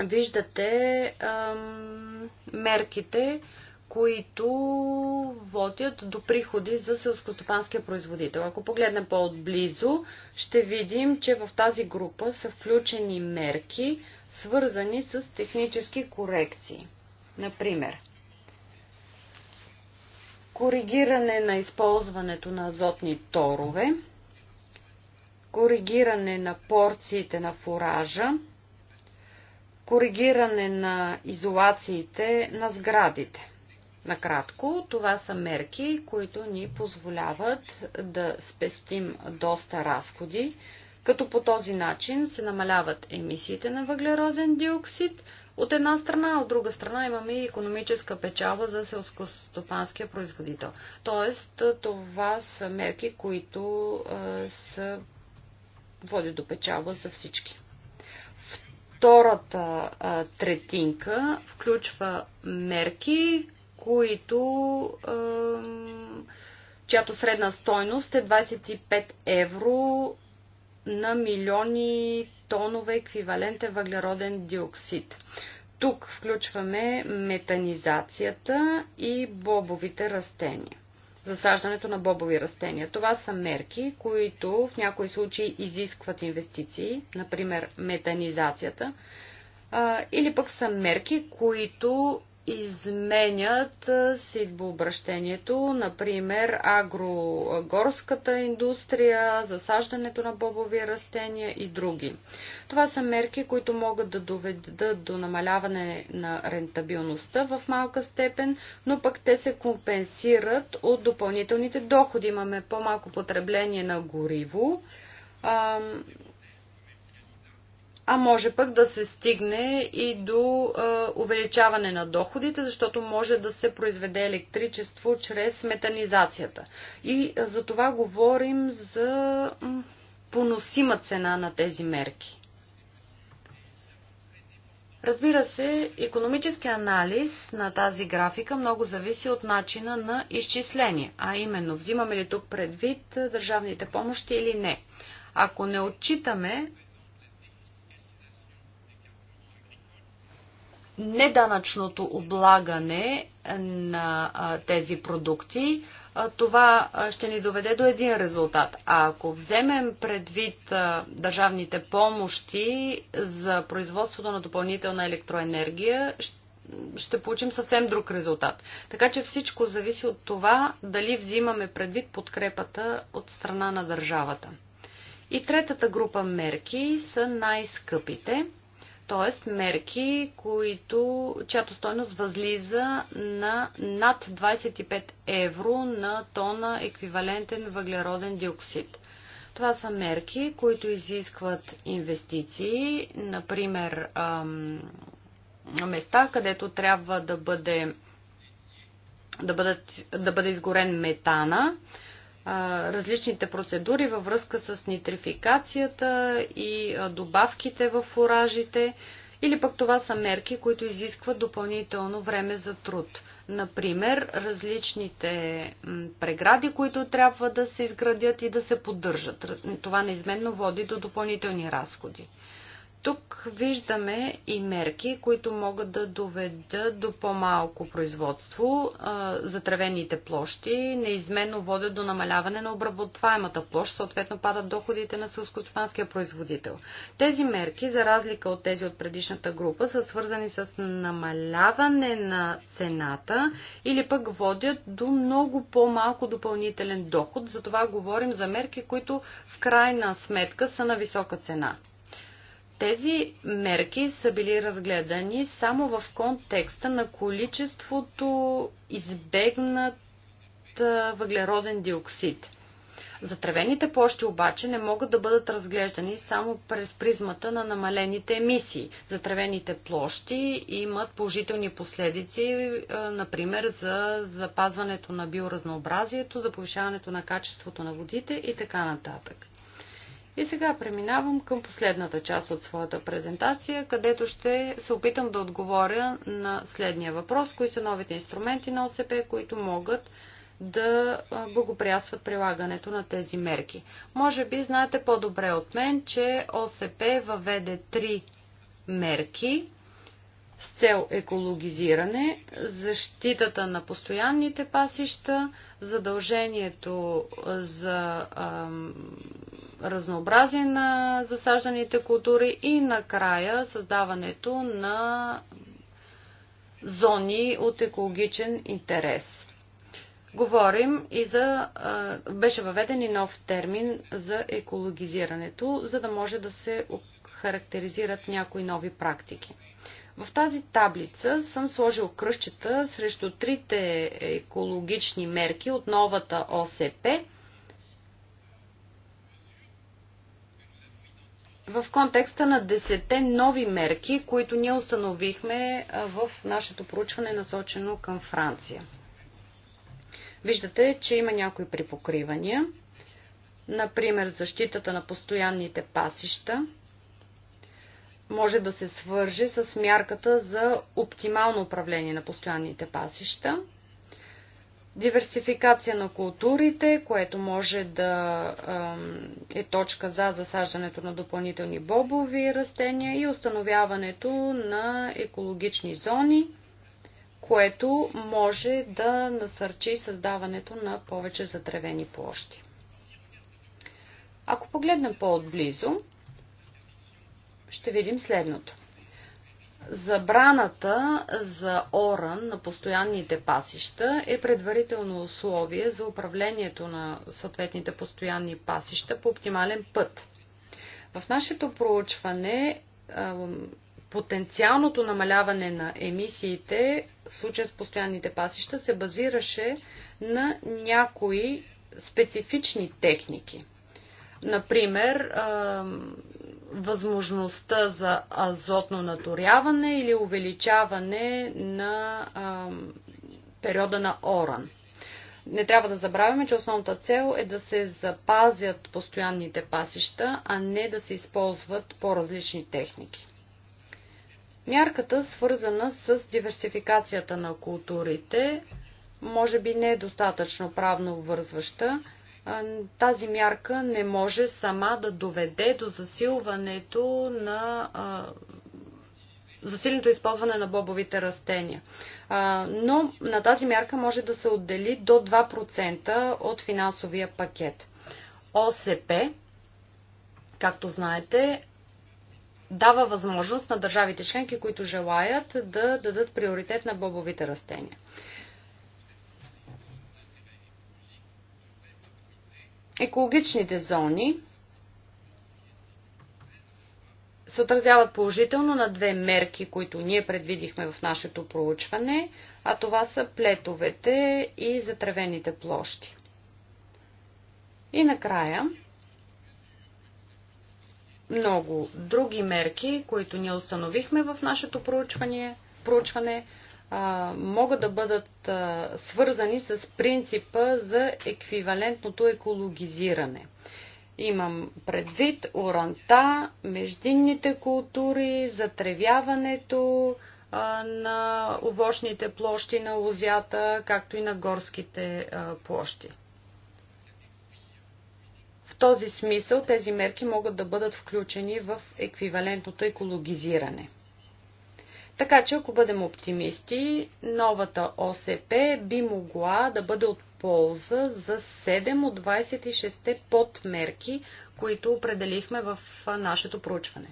виждате ам, мерките, които водят до приходи за селскостопанския производител. Ако погледнем по-отблизо, ще видим, че в тази група са включени мерки, свързани с технически корекции. Например, коригиране на използването на азотни торове, коригиране на порциите на фуража, коригиране на изолациите на сградите. Накратко, това са мерки, които ни позволяват да спестим доста разходи, като по този начин се намаляват емисиите на въглероден диоксид от една страна, а от друга страна имаме и економическа печалба за селскостопанския производител. Тоест, това са мерки, които е, са, води до печалба за всички. Втората третинка включва мерки, които чиято средна стойност е 25 евро на милиони тонове еквивалентен въглероден диоксид. Тук включваме метанизацията и бобовите растения. Засаждането на бобови растения. Това са мерки, които в някои случаи изискват инвестиции, например метанизацията, или пък са мерки, които изменят сидбообращението, например агрогорската индустрия, засаждането на бобови растения и други. Това са мерки, които могат да доведат до намаляване на рентабилността в малка степен, но пък те се компенсират от допълнителните доходи. Имаме по-малко потребление на гориво а може пък да се стигне и до а, увеличаване на доходите, защото може да се произведе електричество чрез метанизацията. И а, за това говорим за поносима цена на тези мерки. Разбира се, економически анализ на тази графика много зависи от начина на изчисление, а именно взимаме ли тук предвид държавните помощи или не. Ако не отчитаме неданъчното облагане на тези продукти, това ще ни доведе до един резултат. А ако вземем предвид държавните помощи за производството на допълнителна електроенергия, ще получим съвсем друг резултат. Така че всичко зависи от това дали взимаме предвид подкрепата от страна на държавата. И третата група мерки са най-скъпите – т.е. мерки, които, чиято стойност възлиза на над 25 евро на тона еквивалентен въглероден диоксид. Това са мерки, които изискват инвестиции, например места, където трябва да бъде да, бъдат, да бъде изгорен метана различните процедури във връзка с нитрификацията и добавките в фуражите. Или пък това са мерки, които изискват допълнително време за труд. Например, различните прегради, които трябва да се изградят и да се поддържат. Това неизменно води до допълнителни разходи. Тук виждаме и мерки, които могат да доведат до по-малко производство. Затравените площи неизменно водят до намаляване на обработваемата площ, съответно падат доходите на селскостопанския производител. Тези мерки, за разлика от тези от предишната група, са свързани с намаляване на цената или пък водят до много по-малко допълнителен доход. Затова говорим за мерки, които в крайна сметка са на висока цена. Тези мерки са били разгледани само в контекста на количеството избегнат въглероден диоксид. Затревените площи обаче не могат да бъдат разглеждани само през призмата на намалените емисии. Затревените площи имат положителни последици, например за запазването на биоразнообразието, за повишаването на качеството на водите и така нататък. И сега преминавам към последната част от своята презентация, където ще се опитам да отговоря на следния въпрос. Кои са новите инструменти на ОСП, които могат да благоприятстват прилагането на тези мерки. Може би знаете по-добре от мен, че ОСП въведе три мерки с цел екологизиране, защитата на постоянните пасища, задължението за ам, разнообразие на засажданите култури и накрая създаването на зони от екологичен интерес. Говорим и за. Беше въведен и нов термин за екологизирането, за да може да се характеризират някои нови практики. В тази таблица съм сложил кръщета срещу трите екологични мерки от новата ОСП – в контекста на десете нови мерки, които ние установихме в нашето проучване, насочено към Франция. Виждате, че има някои припокривания, например защитата на постоянните пасища, може да се свърже с мярката за оптимално управление на постоянните пасища – Диверсификация на културите, което може да е точка за засаждането на допълнителни бобови растения и установяването на екологични зони, което може да насърчи създаването на повече затревени площи. Ако погледнем по-отблизо, ще видим следното – Забраната за оран на постоянните пасища е предварително условие за управлението на съответните постоянни пасища по оптимален път. В нашето проучване потенциалното намаляване на емисиите в случая с постоянните пасища се базираше на някои специфични техники. Например, възможността за азотно наторяване или увеличаване на а, периода на оран. Не трябва да забравяме, че основната цел е да се запазят постоянните пасища, а не да се използват по-различни техники. Мярката, свързана с диверсификацията на културите, може би не е достатъчно правно обвързваща, тази мярка не може сама да доведе до засилването на засиленото използване на бобовите растения. Но на тази мярка може да се отдели до 2% от финансовия пакет. ОСП, както знаете, дава възможност на държавите членки, които желаят да дадат приоритет на бобовите растения. екологичните зони се отразяват положително на две мерки, които ние предвидихме в нашето проучване, а това са плетовете и затревените площи. И накрая, много други мерки, които ние установихме в нашето проучване, проучване а, могат да бъдат а, свързани с принципа за еквивалентното екологизиране. Имам предвид уранта, междинните култури, затревяването а, на овощните площи на лозята, както и на горските а, площи. В този смисъл тези мерки могат да бъдат включени в еквивалентното екологизиране. Така че, ако бъдем оптимисти, новата ОСП би могла да бъде от полза за 7 от 26-те подмерки, които определихме в нашето проучване.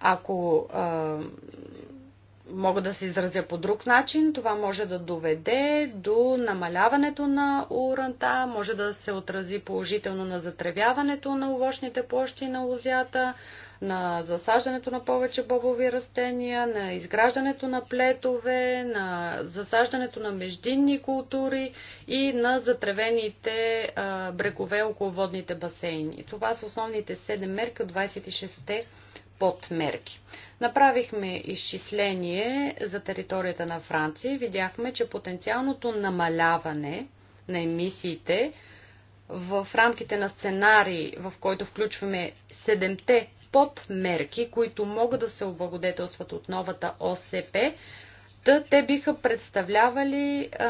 Ако а, мога да се изразя по друг начин, това може да доведе до намаляването на уранта, може да се отрази положително на затревяването на овощните площи на лозята, на засаждането на повече бобови растения, на изграждането на плетове, на засаждането на междинни култури и на затревените брегове около водните басейни. Това са основните 7 мерки от 26-те подмерки. Направихме изчисление за територията на Франция и видяхме, че потенциалното намаляване на емисиите в рамките на сценарии, в който включваме седемте подмерки, които могат да се облагодетелстват от новата ОСП, те биха представлявали а,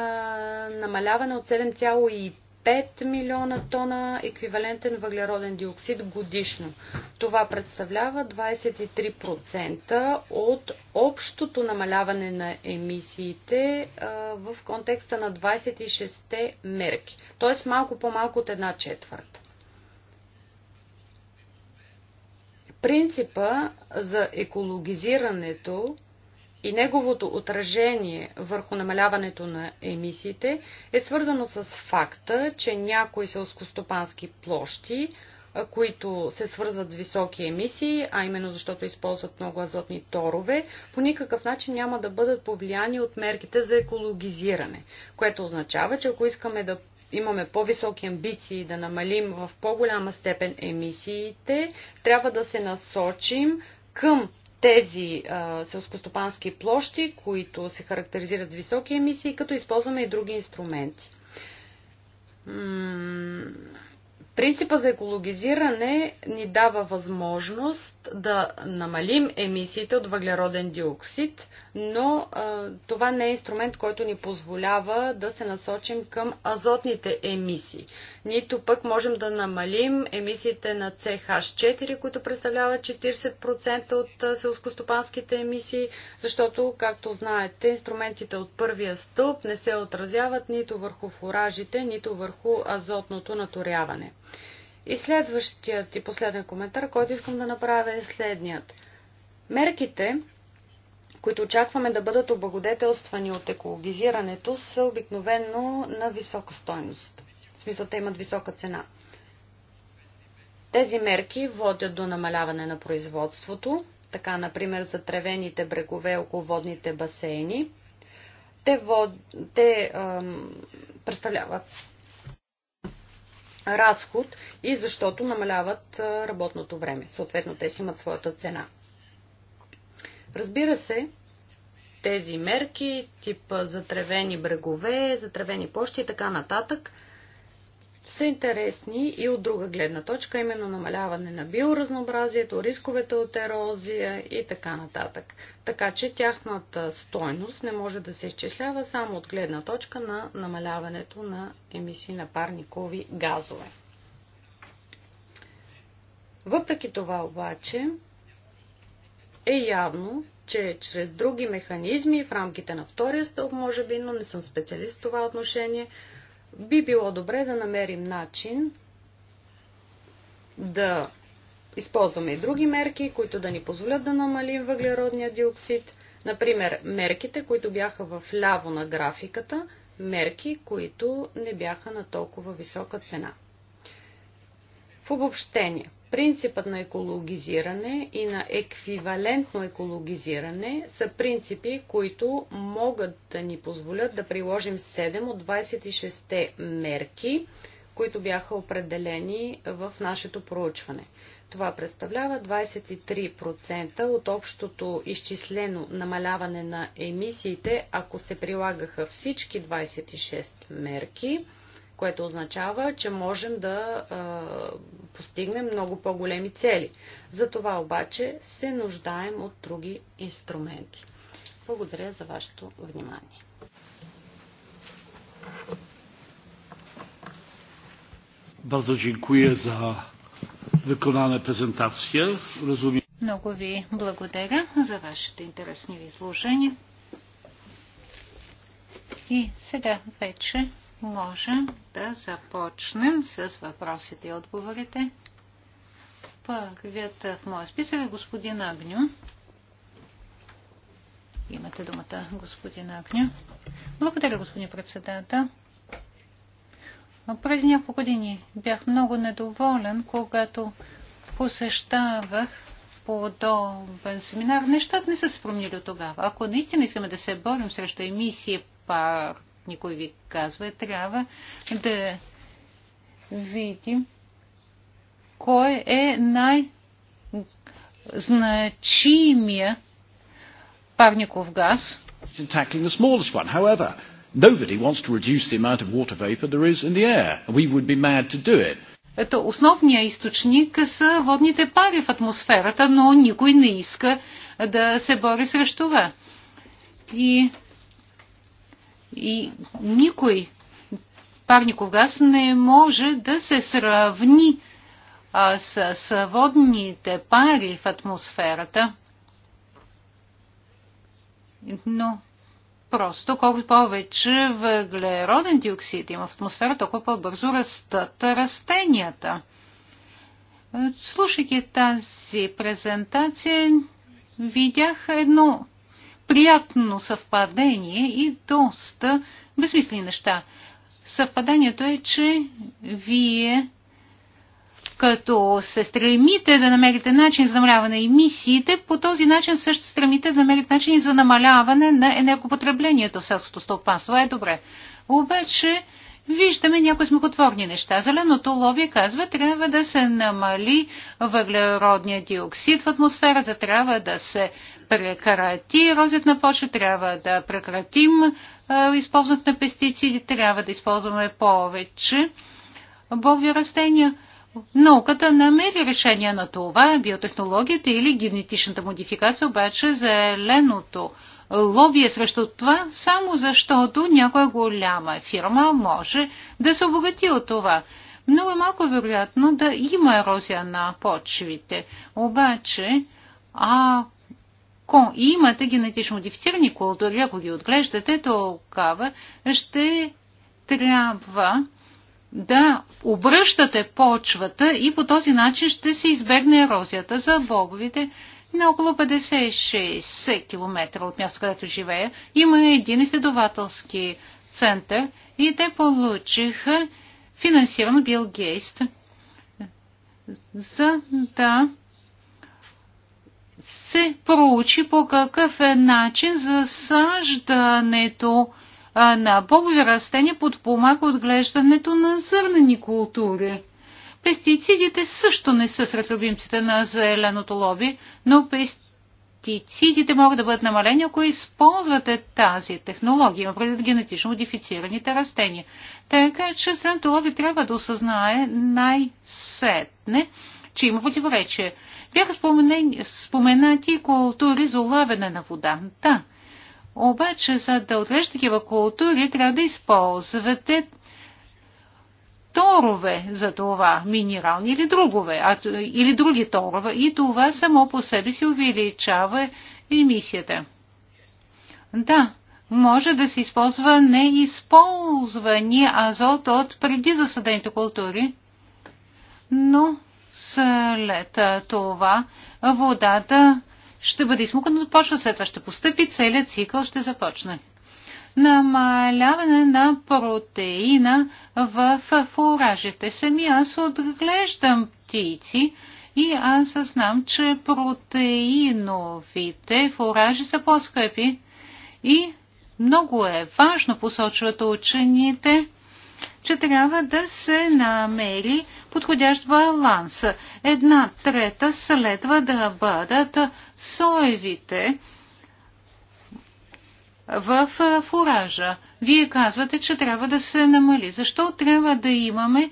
намаляване от 7,5 5 милиона тона еквивалентен въглероден диоксид годишно. Това представлява 23% от общото намаляване на емисиите а, в контекста на 26-те мерки, т.е. малко по-малко от една четвърт. Принципа за екологизирането и неговото отражение върху намаляването на емисиите е свързано с факта, че някои селскостопански площи, които се свързват с високи емисии, а именно защото използват много азотни торове, по никакъв начин няма да бъдат повлияни от мерките за екологизиране, което означава, че ако искаме да имаме по-високи амбиции да намалим в по-голяма степен емисиите, трябва да се насочим към тези селскостопански площи, които се характеризират с високи емисии, като използваме и други инструменти. М Принципа за екологизиране ни дава възможност да намалим емисиите от въглероден диоксид, но а, това не е инструмент, който ни позволява да се насочим към азотните емисии нито пък можем да намалим емисиите на CH4, които представляват 40% от селскостопанските емисии, защото, както знаете, инструментите от първия стълб не се отразяват нито върху фуражите, нито върху азотното наторяване. И следващият и последен коментар, който искам да направя е следният. Мерките, които очакваме да бъдат облагодетелствани от екологизирането, са обикновено на висока стойност смисъл, те имат висока цена. Тези мерки водят до намаляване на производството, така например за тревените брегове около водните басейни. Те, вод... те ам, представляват разход и защото намаляват работното време. Съответно, те си имат своята цена. Разбира се, тези мерки, тип затревени брегове, затревени площи и така нататък – са интересни и от друга гледна точка, именно намаляване на биоразнообразието, рисковете от ерозия и така нататък. Така че тяхната стойност не може да се изчислява само от гледна точка на намаляването на емисии на парникови газове. Въпреки това обаче е явно, че чрез други механизми в рамките на втория стълб, може би, но не съм специалист в това отношение, би било добре да намерим начин да използваме и други мерки, които да ни позволят да намалим въглеродния диоксид. Например, мерките, които бяха в ляво на графиката, мерки, които не бяха на толкова висока цена. В обобщение – Принципът на екологизиране и на еквивалентно екологизиране са принципи, които могат да ни позволят да приложим 7 от 26 мерки, които бяха определени в нашето проучване. Това представлява 23% от общото изчислено намаляване на емисиите, ако се прилагаха всички 26 мерки – което означава, че можем да а, постигнем много по-големи цели. За това обаче се нуждаем от други инструменти. Благодаря за вашето внимание. Bardzo dziękuję za wykonane prezentacje. Rozumiem. Много ви благодаря за вашите интересни изложения. И сега вече можем да започнем с въпросите и отговорите. Първият в моя списък е господин Агню. Имате думата, господин Агню. Благодаря, господин председател. Преди няколко години бях много недоволен, когато посещавах подобен семинар. Нещата не са се променили от тогава. Ако наистина искаме да се борим срещу емисии парк, никой ви казва, трябва да видим кой е най-значимия парников газ. Tackling the smallest one. However, nobody wants to reduce the amount of water vapor there is in the air. We would be mad to do it. Ето, основният източник са водните пари в атмосферата, но никой не иска да се бори срещу това. И и никой парников газ не може да се сравни а, с, с водните пари в атмосферата. Но просто колко повече въглероден диоксид има в атмосферата, толкова по-бързо растат растенията. Слушайки тази презентация, видях едно приятно съвпадение и доста безмислени неща. Съвпадението е, че вие като се стремите да намерите начин за намаляване на емисиите, по този начин също стремите да намерите начин за намаляване на енергопотреблението в селското стопанство. Е, добре. Обаче, виждаме някои смехотворни неща. Зеленото лоби казва, трябва да се намали въглеродния диоксид в атмосферата, трябва да се прекрати розът на почва, трябва да прекратим използват на пестициди, трябва да използваме повече бови растения. Науката намери решение на това, биотехнологията или генетичната модификация, обаче зеленото лоби е срещу това, само защото някоя голяма фирма може да се обогати от това. Много е малко вероятно да има ерозия на почвите. Обаче, ако ако имате генетично модифицирани култури, ако ги отглеждате, тогава ще трябва да обръщате почвата и по този начин ще се избегне ерозията за боговите На около 56 км от място, където живея, има един изследователски център и те получиха финансиран Бил Гейст, за да се проучи по какъв е начин засаждането на бобови растения подпомага отглеждането на зърнени култури. Пестицидите също не са сред любимците на зеленото лоби, но пестицидите могат да бъдат намалени, ако използвате тази технология, предвид генетично модифицираните растения. Така че зеленото лоби трябва да осъзнае най-сетне, че има противоречие. Бяха споменени, споменати култури за улавяне на вода. Да, обаче за да отрежда такива култури трябва да използвате торове за това, минерални или другове, а, или други торове. И това само по себе си увеличава емисията. Да, може да се използва неизползвани азот от преди засадените култури, но след това водата ще бъде измукана, започва, след това ще постъпи, целият цикъл ще започне. Намаляване на протеина в фуражите. Сами аз отглеждам птици и аз знам, че протеиновите фуражи са по-скъпи. И много е важно, посочват учените, че трябва да се намери подходящ баланс. Една трета следва да бъдат соевите в фуража. Вие казвате, че трябва да се намали. Защо трябва да имаме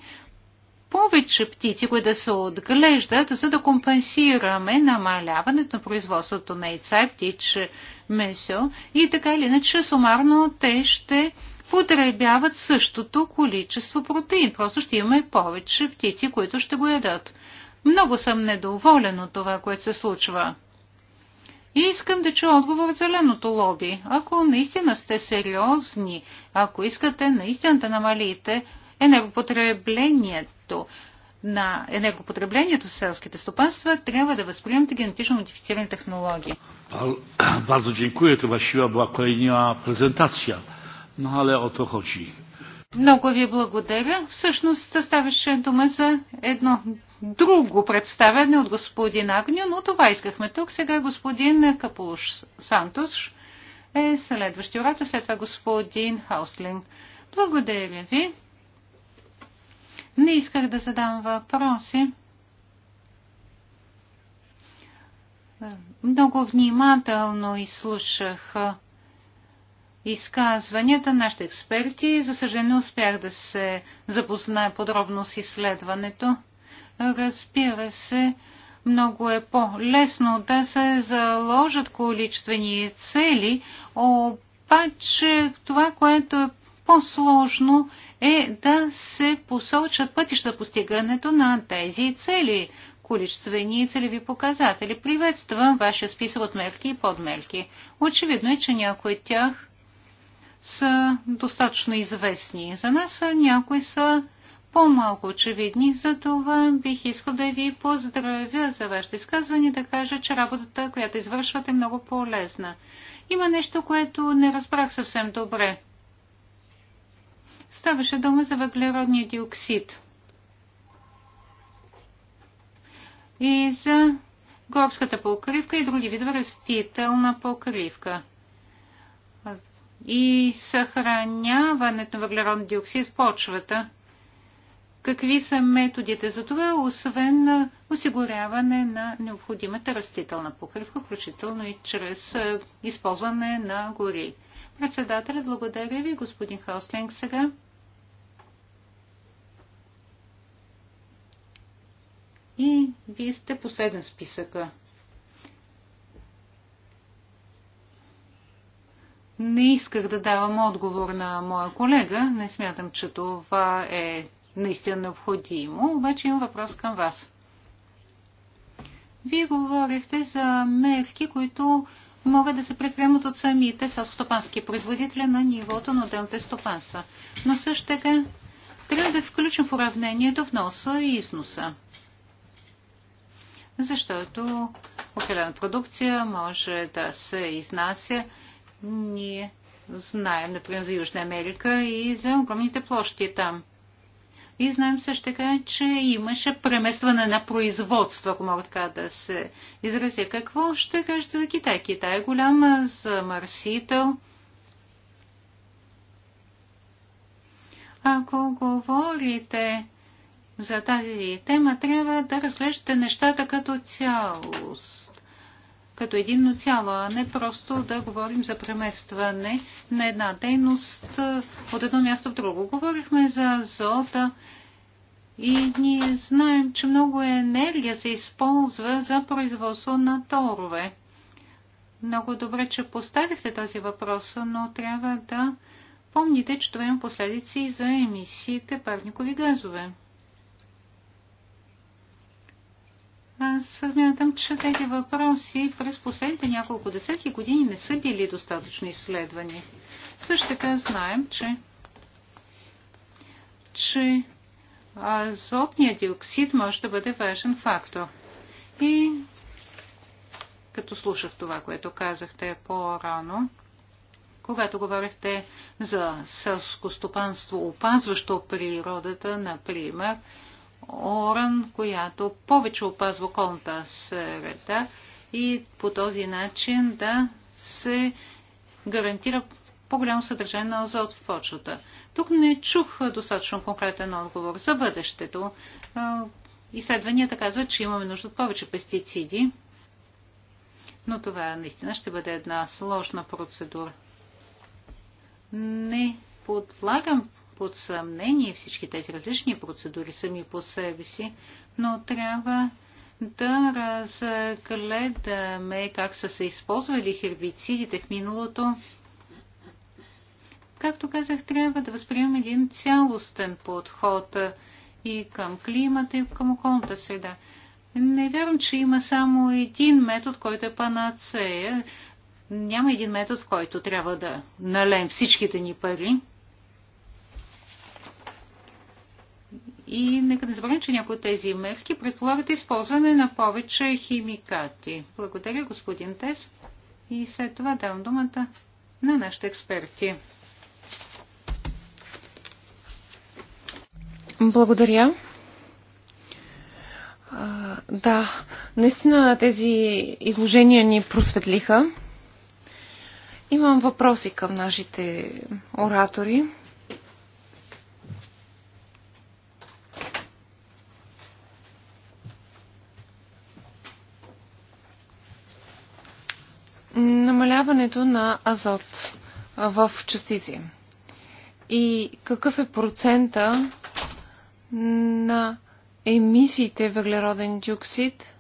повече птици, които да се отглеждат, за да компенсираме намаляването на производството на яйца и птиче месо. И така или иначе, сумарно те ще потребяват същото количество протеин. Просто ще имаме повече птици, които ще го ядат. Много съм недоволен от това, което се случва. И искам да чуя отговор от зеленото лоби. Ако наистина сте сериозни, ако искате наистина да намалите енергопотреблението, на енергопотреблението в селските стопанства, трябва да възприемате генетично модифицирани технологии. Bardzo dziękuję. To właściwa презентация. Много ви благодаря. Всъщност ставаше дума за едно друго представяне от господин Агню, но това искахме тук. Сега господин Капулуш Сантос е следващия оратор, след това господин Хауслинг. Благодаря ви. Не исках да задам въпроси. Много внимателно изслушах изказванията на нашите експерти. За съжаление, успях да се запозная подробно с изследването. Разбира се, много е по-лесно да се заложат количествени цели, обаче това, което е по-сложно е да се посочат пътища постигането на тези цели, количествени и целеви показатели. Приветствам вашия списък от мерки и подмерки. Очевидно е, че някои от тях са достатъчно известни. За нас някои са по-малко очевидни, за това бих искал да ви поздравя за вашето изказване и да кажа, че работата, която извършвате е много полезна. Има нещо, което не разбрах съвсем добре. Ставаше дума за въглеродния диоксид. И за горската покривка и други видове растителна покривка и съхраняването на въглероден диоксид в почвата. Какви са методите за това, освен осигуряване на необходимата растителна покривка, включително и чрез е, използване на гори? Председателят, благодаря ви, господин Хауслинг, сега. И вие сте последен списъка. Не исках да давам отговор на моя колега. Не смятам, че това е наистина необходимо. Обаче имам въпрос към вас. Вие говорихте за мерки, които могат да се прекремат от самите селскостопански производители на нивото на отделните стопанства. Но също така трябва да включим в уравнението вноса и износа. Защото определена продукция може да се изнася ние знаем, например, за Южна Америка и за огромните площи там. И знаем също така, че имаше преместване на производство, ако мога така да се изразя. Какво ще кажете за Китай? Китай е голям замърсител. Ако говорите за тази тема, трябва да разглеждате нещата като цялост като единно цяло, а не просто да говорим за преместване на една дейност от едно място в друго. Говорихме за зота и ние знаем, че много енергия се използва за производство на торове. Много добре, че поставихте този въпрос, но трябва да помните, че това има последици за емисиите парникови газове. Аз смятам, че тези въпроси през последните няколко десетки години не са били достатъчно изследвани. Също така знаем, че, че азотният диоксид може да бъде важен фактор. И като слушах това, което казахте по-рано, когато говорихте за селско стопанство, опазващо природата, например, Оран, която повече опазва околната среда и по този начин да се гарантира по-голямо съдържание на азот в почвата. Тук не чух достатъчно конкретен отговор за бъдещето. Изследванията казват, че имаме нужда от повече пестициди, но това наистина ще бъде една сложна процедура. Не подлагам под съмнение всички тези различни процедури сами по себе си, но трябва да разгледаме как са се използвали хербицидите в миналото. Както казах, трябва да възприемем един цялостен подход и към климата, и към околната среда. Не вярвам, че има само един метод, който е панацея. Няма един метод, в който трябва да налем всичките ни пари. И нека не забравим, че някои от тези мерки предполагат използване на повече химикати. Благодаря, господин Тес. И след това давам думата на нашите експерти. Благодаря. А, да, наистина тези изложения ни просветлиха. Имам въпроси към нашите оратори. намаляването на азот в частици? И какъв е процента на емисиите въглероден диоксид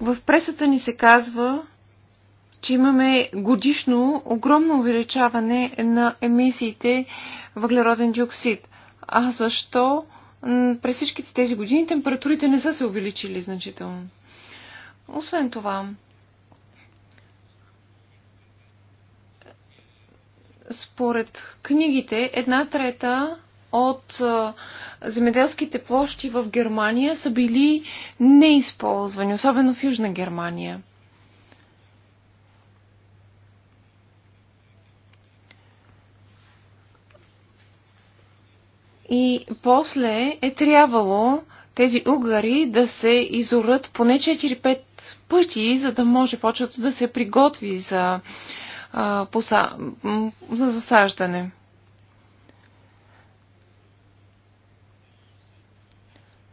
В пресата ни се казва, че имаме годишно огромно увеличаване на емисиите въглероден диоксид. А защо през всичките тези години температурите не са се увеличили значително. Освен това, според книгите, една трета от земеделските площи в Германия са били неизползвани, особено в Южна Германия. И после е трябвало тези угари да се изорат поне 4-5 пъти, за да може почвата да се приготви за, а, поса, за засаждане.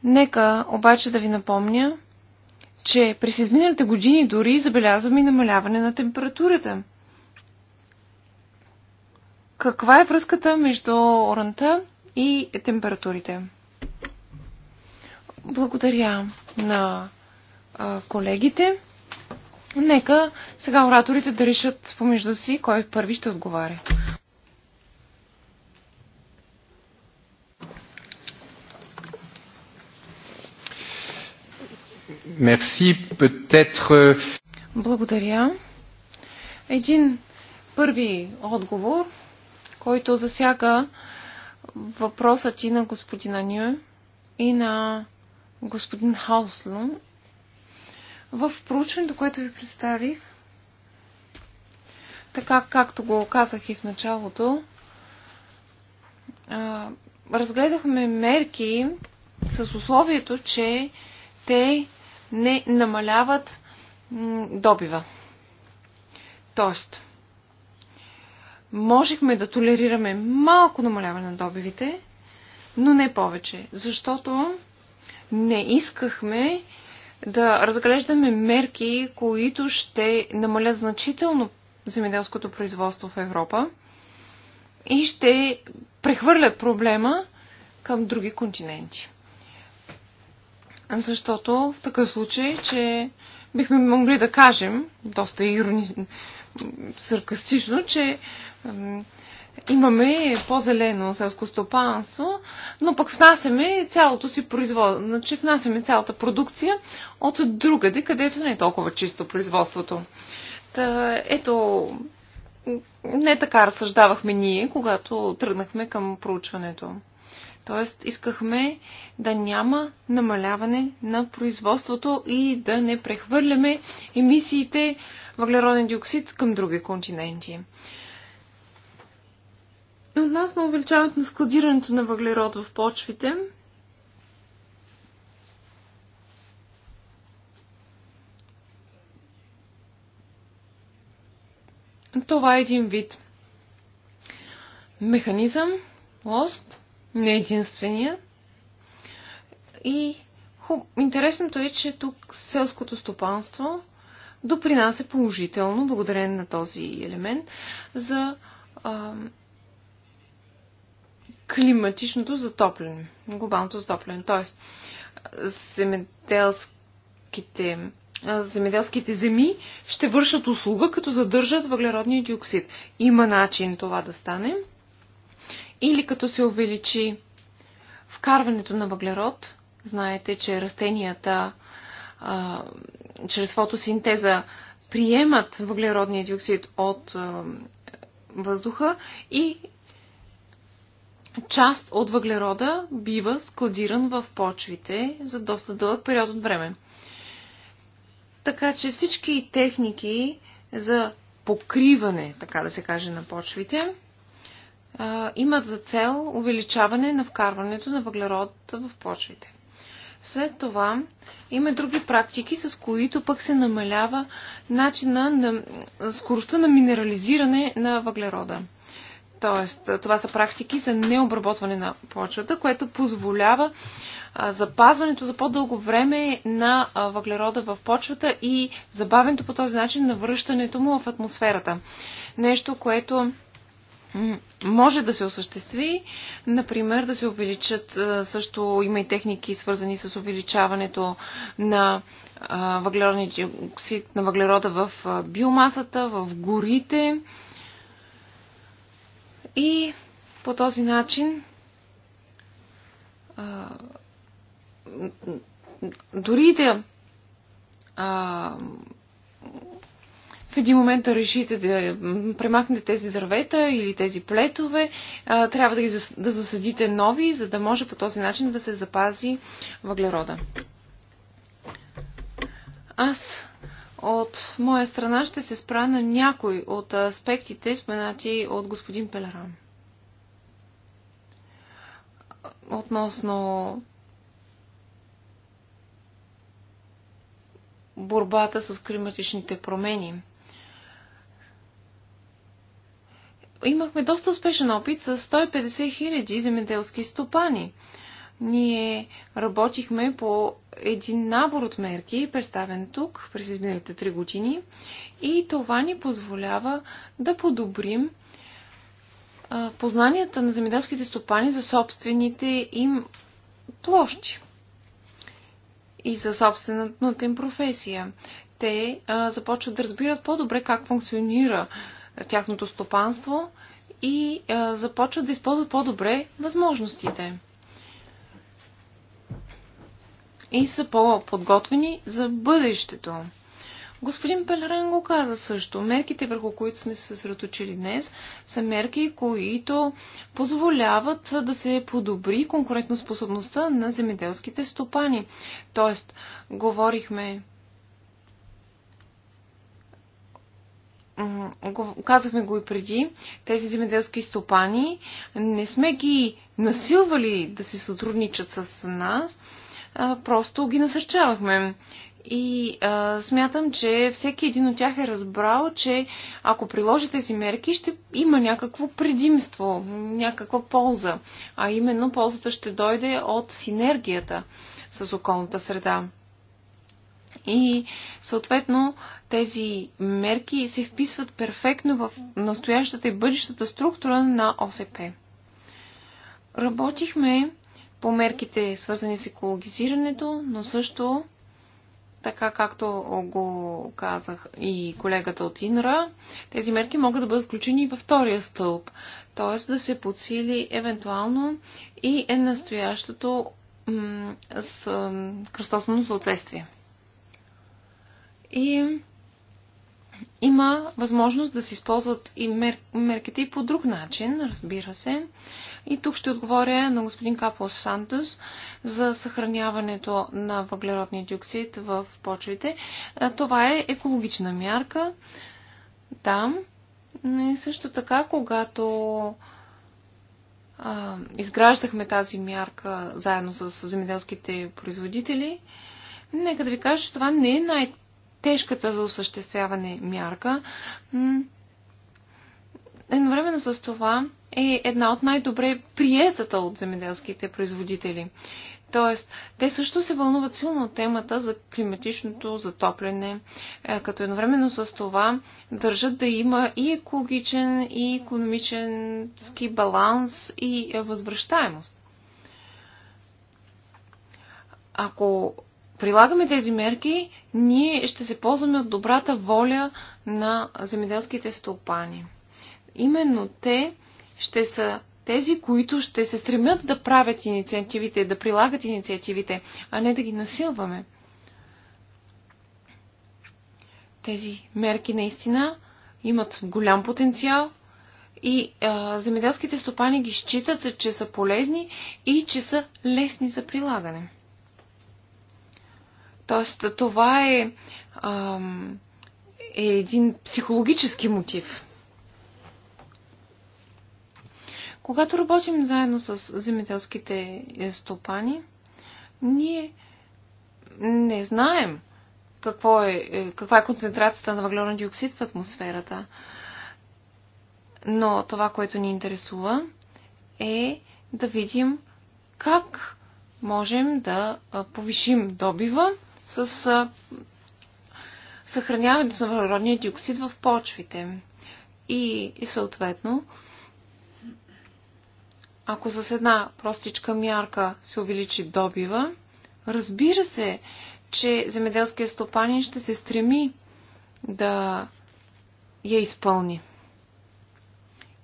Нека обаче да ви напомня, че през изминалите години дори забелязваме и намаляване на температурата. Каква е връзката между оранта и температурите. Благодаря на колегите. Нека сега ораторите да решат помежду си кой първи ще отговаря. peut-être. Euh, Благодаря. Един първи отговор, който засяга въпросът и на господина Ню и на господин Хауслун. В проучването, което ви представих, така както го казах и в началото, разгледахме мерки с условието, че те не намаляват добива. Тоест, можехме да толерираме малко намаляване на добивите, но не повече, защото не искахме да разглеждаме мерки, които ще намалят значително земеделското производство в Европа и ще прехвърлят проблема към други континенти. Защото в такъв случай, че бихме могли да кажем, доста ирони... саркастично, че имаме по-зелено селско стопанство, но пък внасяме цялото си производство, значи внасяме цялата продукция от другаде, където не е толкова чисто производството. Та, ето, не така разсъждавахме ние, когато тръгнахме към проучването. Тоест, искахме да няма намаляване на производството и да не прехвърляме емисиите въглероден диоксид към други континенти. И е, относно увеличаването на складирането на въглерод в почвите, това е един вид механизъм, лост, не единствения. И хуб... интересното е, че тук селското стопанство допринася положително, благодарение на този елемент, за климатичното затопляне, глобалното затопляне. Тоест, земеделските, земеделските земи ще вършат услуга, като задържат въглеродния диоксид. Има начин това да стане. Или като се увеличи вкарването на въглерод, знаете, че растенията а, чрез фотосинтеза приемат въглеродния диоксид от а, въздуха и част от въглерода бива складиран в почвите за доста дълъг период от време. Така че всички техники за покриване, така да се каже, на почвите, имат за цел увеличаване на вкарването на въглерод в почвите. След това има други практики, с които пък се намалява начина на скоростта на минерализиране на въглерода. Тоест, това са практики за необработване на почвата, което позволява запазването за по-дълго време на въглерода в почвата и забавенето по този начин на връщането му в атмосферата. Нещо, което може да се осъществи, например да се увеличат, също има и техники свързани с увеличаването на въглеродния диоксид, на въглерода в биомасата, в горите, и по този начин а, дори да а, в един момент да решите да премахнете тези дървета или тези плетове, а, трябва да, ги зас, да засадите нови, за да може по този начин да се запази въглерода. Аз от моя страна ще се спра на някой от аспектите, споменати от господин Пелеран. Относно борбата с климатичните промени. Имахме доста успешен опит с 150 000 земеделски стопани. Ние работихме по един набор от мерки, представен тук през изминалите три години и това ни позволява да подобрим познанията на земеделските стопани за собствените им площи и за собствената им професия. Те а, започват да разбират по-добре как функционира тяхното стопанство и а, започват да използват по-добре възможностите и са по-подготвени за бъдещето. Господин Пелерен го каза също. Мерките, върху които сме се съсредоточили днес, са мерки, които позволяват да се подобри конкурентоспособността на земеделските стопани. Тоест, говорихме казахме го и преди, тези земеделски стопани не сме ги насилвали да се сътрудничат с нас, просто ги насърчавахме. И а, смятам, че всеки един от тях е разбрал, че ако приложи тези мерки, ще има някакво предимство, някаква полза. А именно ползата ще дойде от синергията с околната среда. И съответно тези мерки се вписват перфектно в настоящата и бъдещата структура на ОСП. Работихме по мерките, свързани с екологизирането, но също, така както го казах и колегата от ИНРА, тези мерки могат да бъдат включени и във втория стълб, т.е. да се подсили евентуално и е настоящото с кръстосно съответствие. И има възможност да се използват и мер... мерките и по друг начин, разбира се. И тук ще отговоря на господин Капос Сантос за съхраняването на въглеродния диоксид в почвите. Това е екологична мярка. Там. Да. И също така, когато а, изграждахме тази мярка заедно с земеделските производители, нека да ви кажа, че това не е най-тежката за осъществяване мярка. Едновременно с това е една от най-добре приетата от земеделските производители. Тоест, те също се вълнуват силно от темата за климатичното затопляне, е, като едновременно с това държат да има и екологичен, и економически баланс и е, възвръщаемост. Ако прилагаме тези мерки, ние ще се ползваме от добрата воля на земеделските стопани. Именно те ще са тези, които ще се стремят да правят инициативите, да прилагат инициативите, а не да ги насилваме. Тези мерки наистина имат голям потенциал и а, земеделските стопани ги считат, че са полезни и че са лесни за прилагане. Тоест, това е, а, е един психологически мотив. Когато работим заедно с земеделските е, стопани, ние не знаем какво е, е, каква е концентрацията на въглероден диоксид в атмосферата. Но това, което ни интересува, е да видим как можем да повишим добива с съхраняването на въглеродния диоксид в почвите. И, и съответно, ако с една простичка мярка се увеличи добива, разбира се, че земеделският стопанин ще се стреми да я изпълни.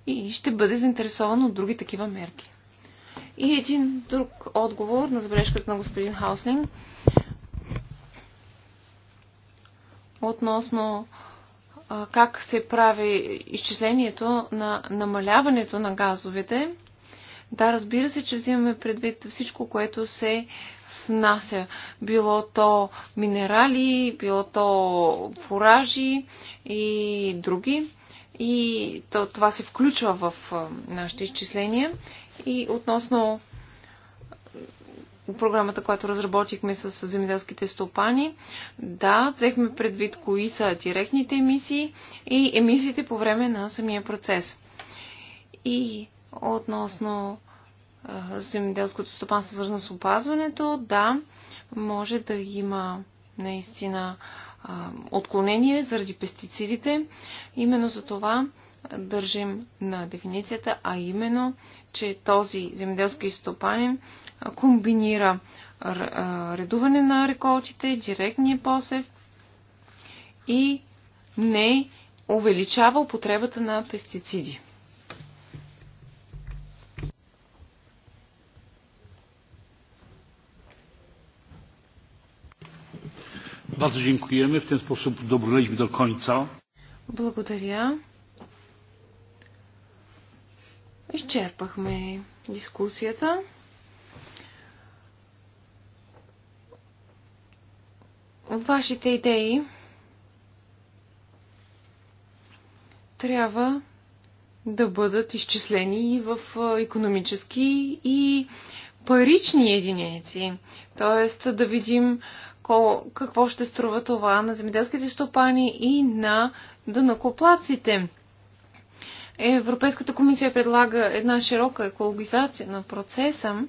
И ще бъде заинтересован от други такива мерки. И един друг отговор на забележката на господин Хауслинг относно как се прави изчислението на намаляването на газовете да, разбира се, че взимаме предвид всичко, което се внася. Било то минерали, било то фуражи и други. И то, това се включва в нашите изчисления. И относно програмата, която разработихме с земеделските стопани, да, взехме предвид кои са директните емисии и емисиите по време на самия процес. И относно земеделското стопанство, свързано с опазването, да, може да има наистина отклонение заради пестицидите. Именно за това държим на дефиницията, а именно, че този земеделски стопанин комбинира редуване на реколтите, директния посев и не увеличава употребата на пестициди. Bardzo dziękujemy. W ten sposób dobrnęliśmy do końca. Благодаря. Изчерпахме дискусията. Вашите идеи трябва да бъдат изчислени и в економически и парични единици. Тоест да видим какво ще струва това на земеделските стопани и на дънакоплаците. Европейската комисия предлага една широка екологизация на процеса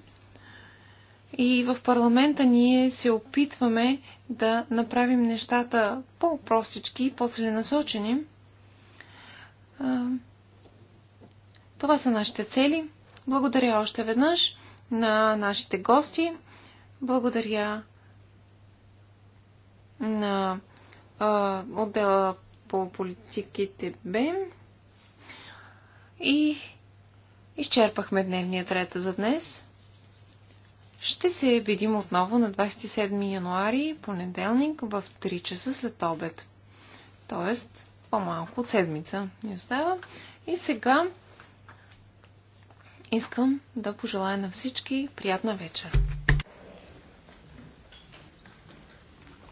и в парламента ние се опитваме да направим нещата по-простички по-целенасочени. Това са нашите цели. Благодаря още веднъж на нашите гости. Благодаря на а, отдела по политиките Б. И изчерпахме дневния ред за днес. Ще се видим отново на 27 януари, понеделник, в 3 часа след обед. Тоест, по-малко от седмица ни остава. И сега искам да пожелая на всички приятна вечер.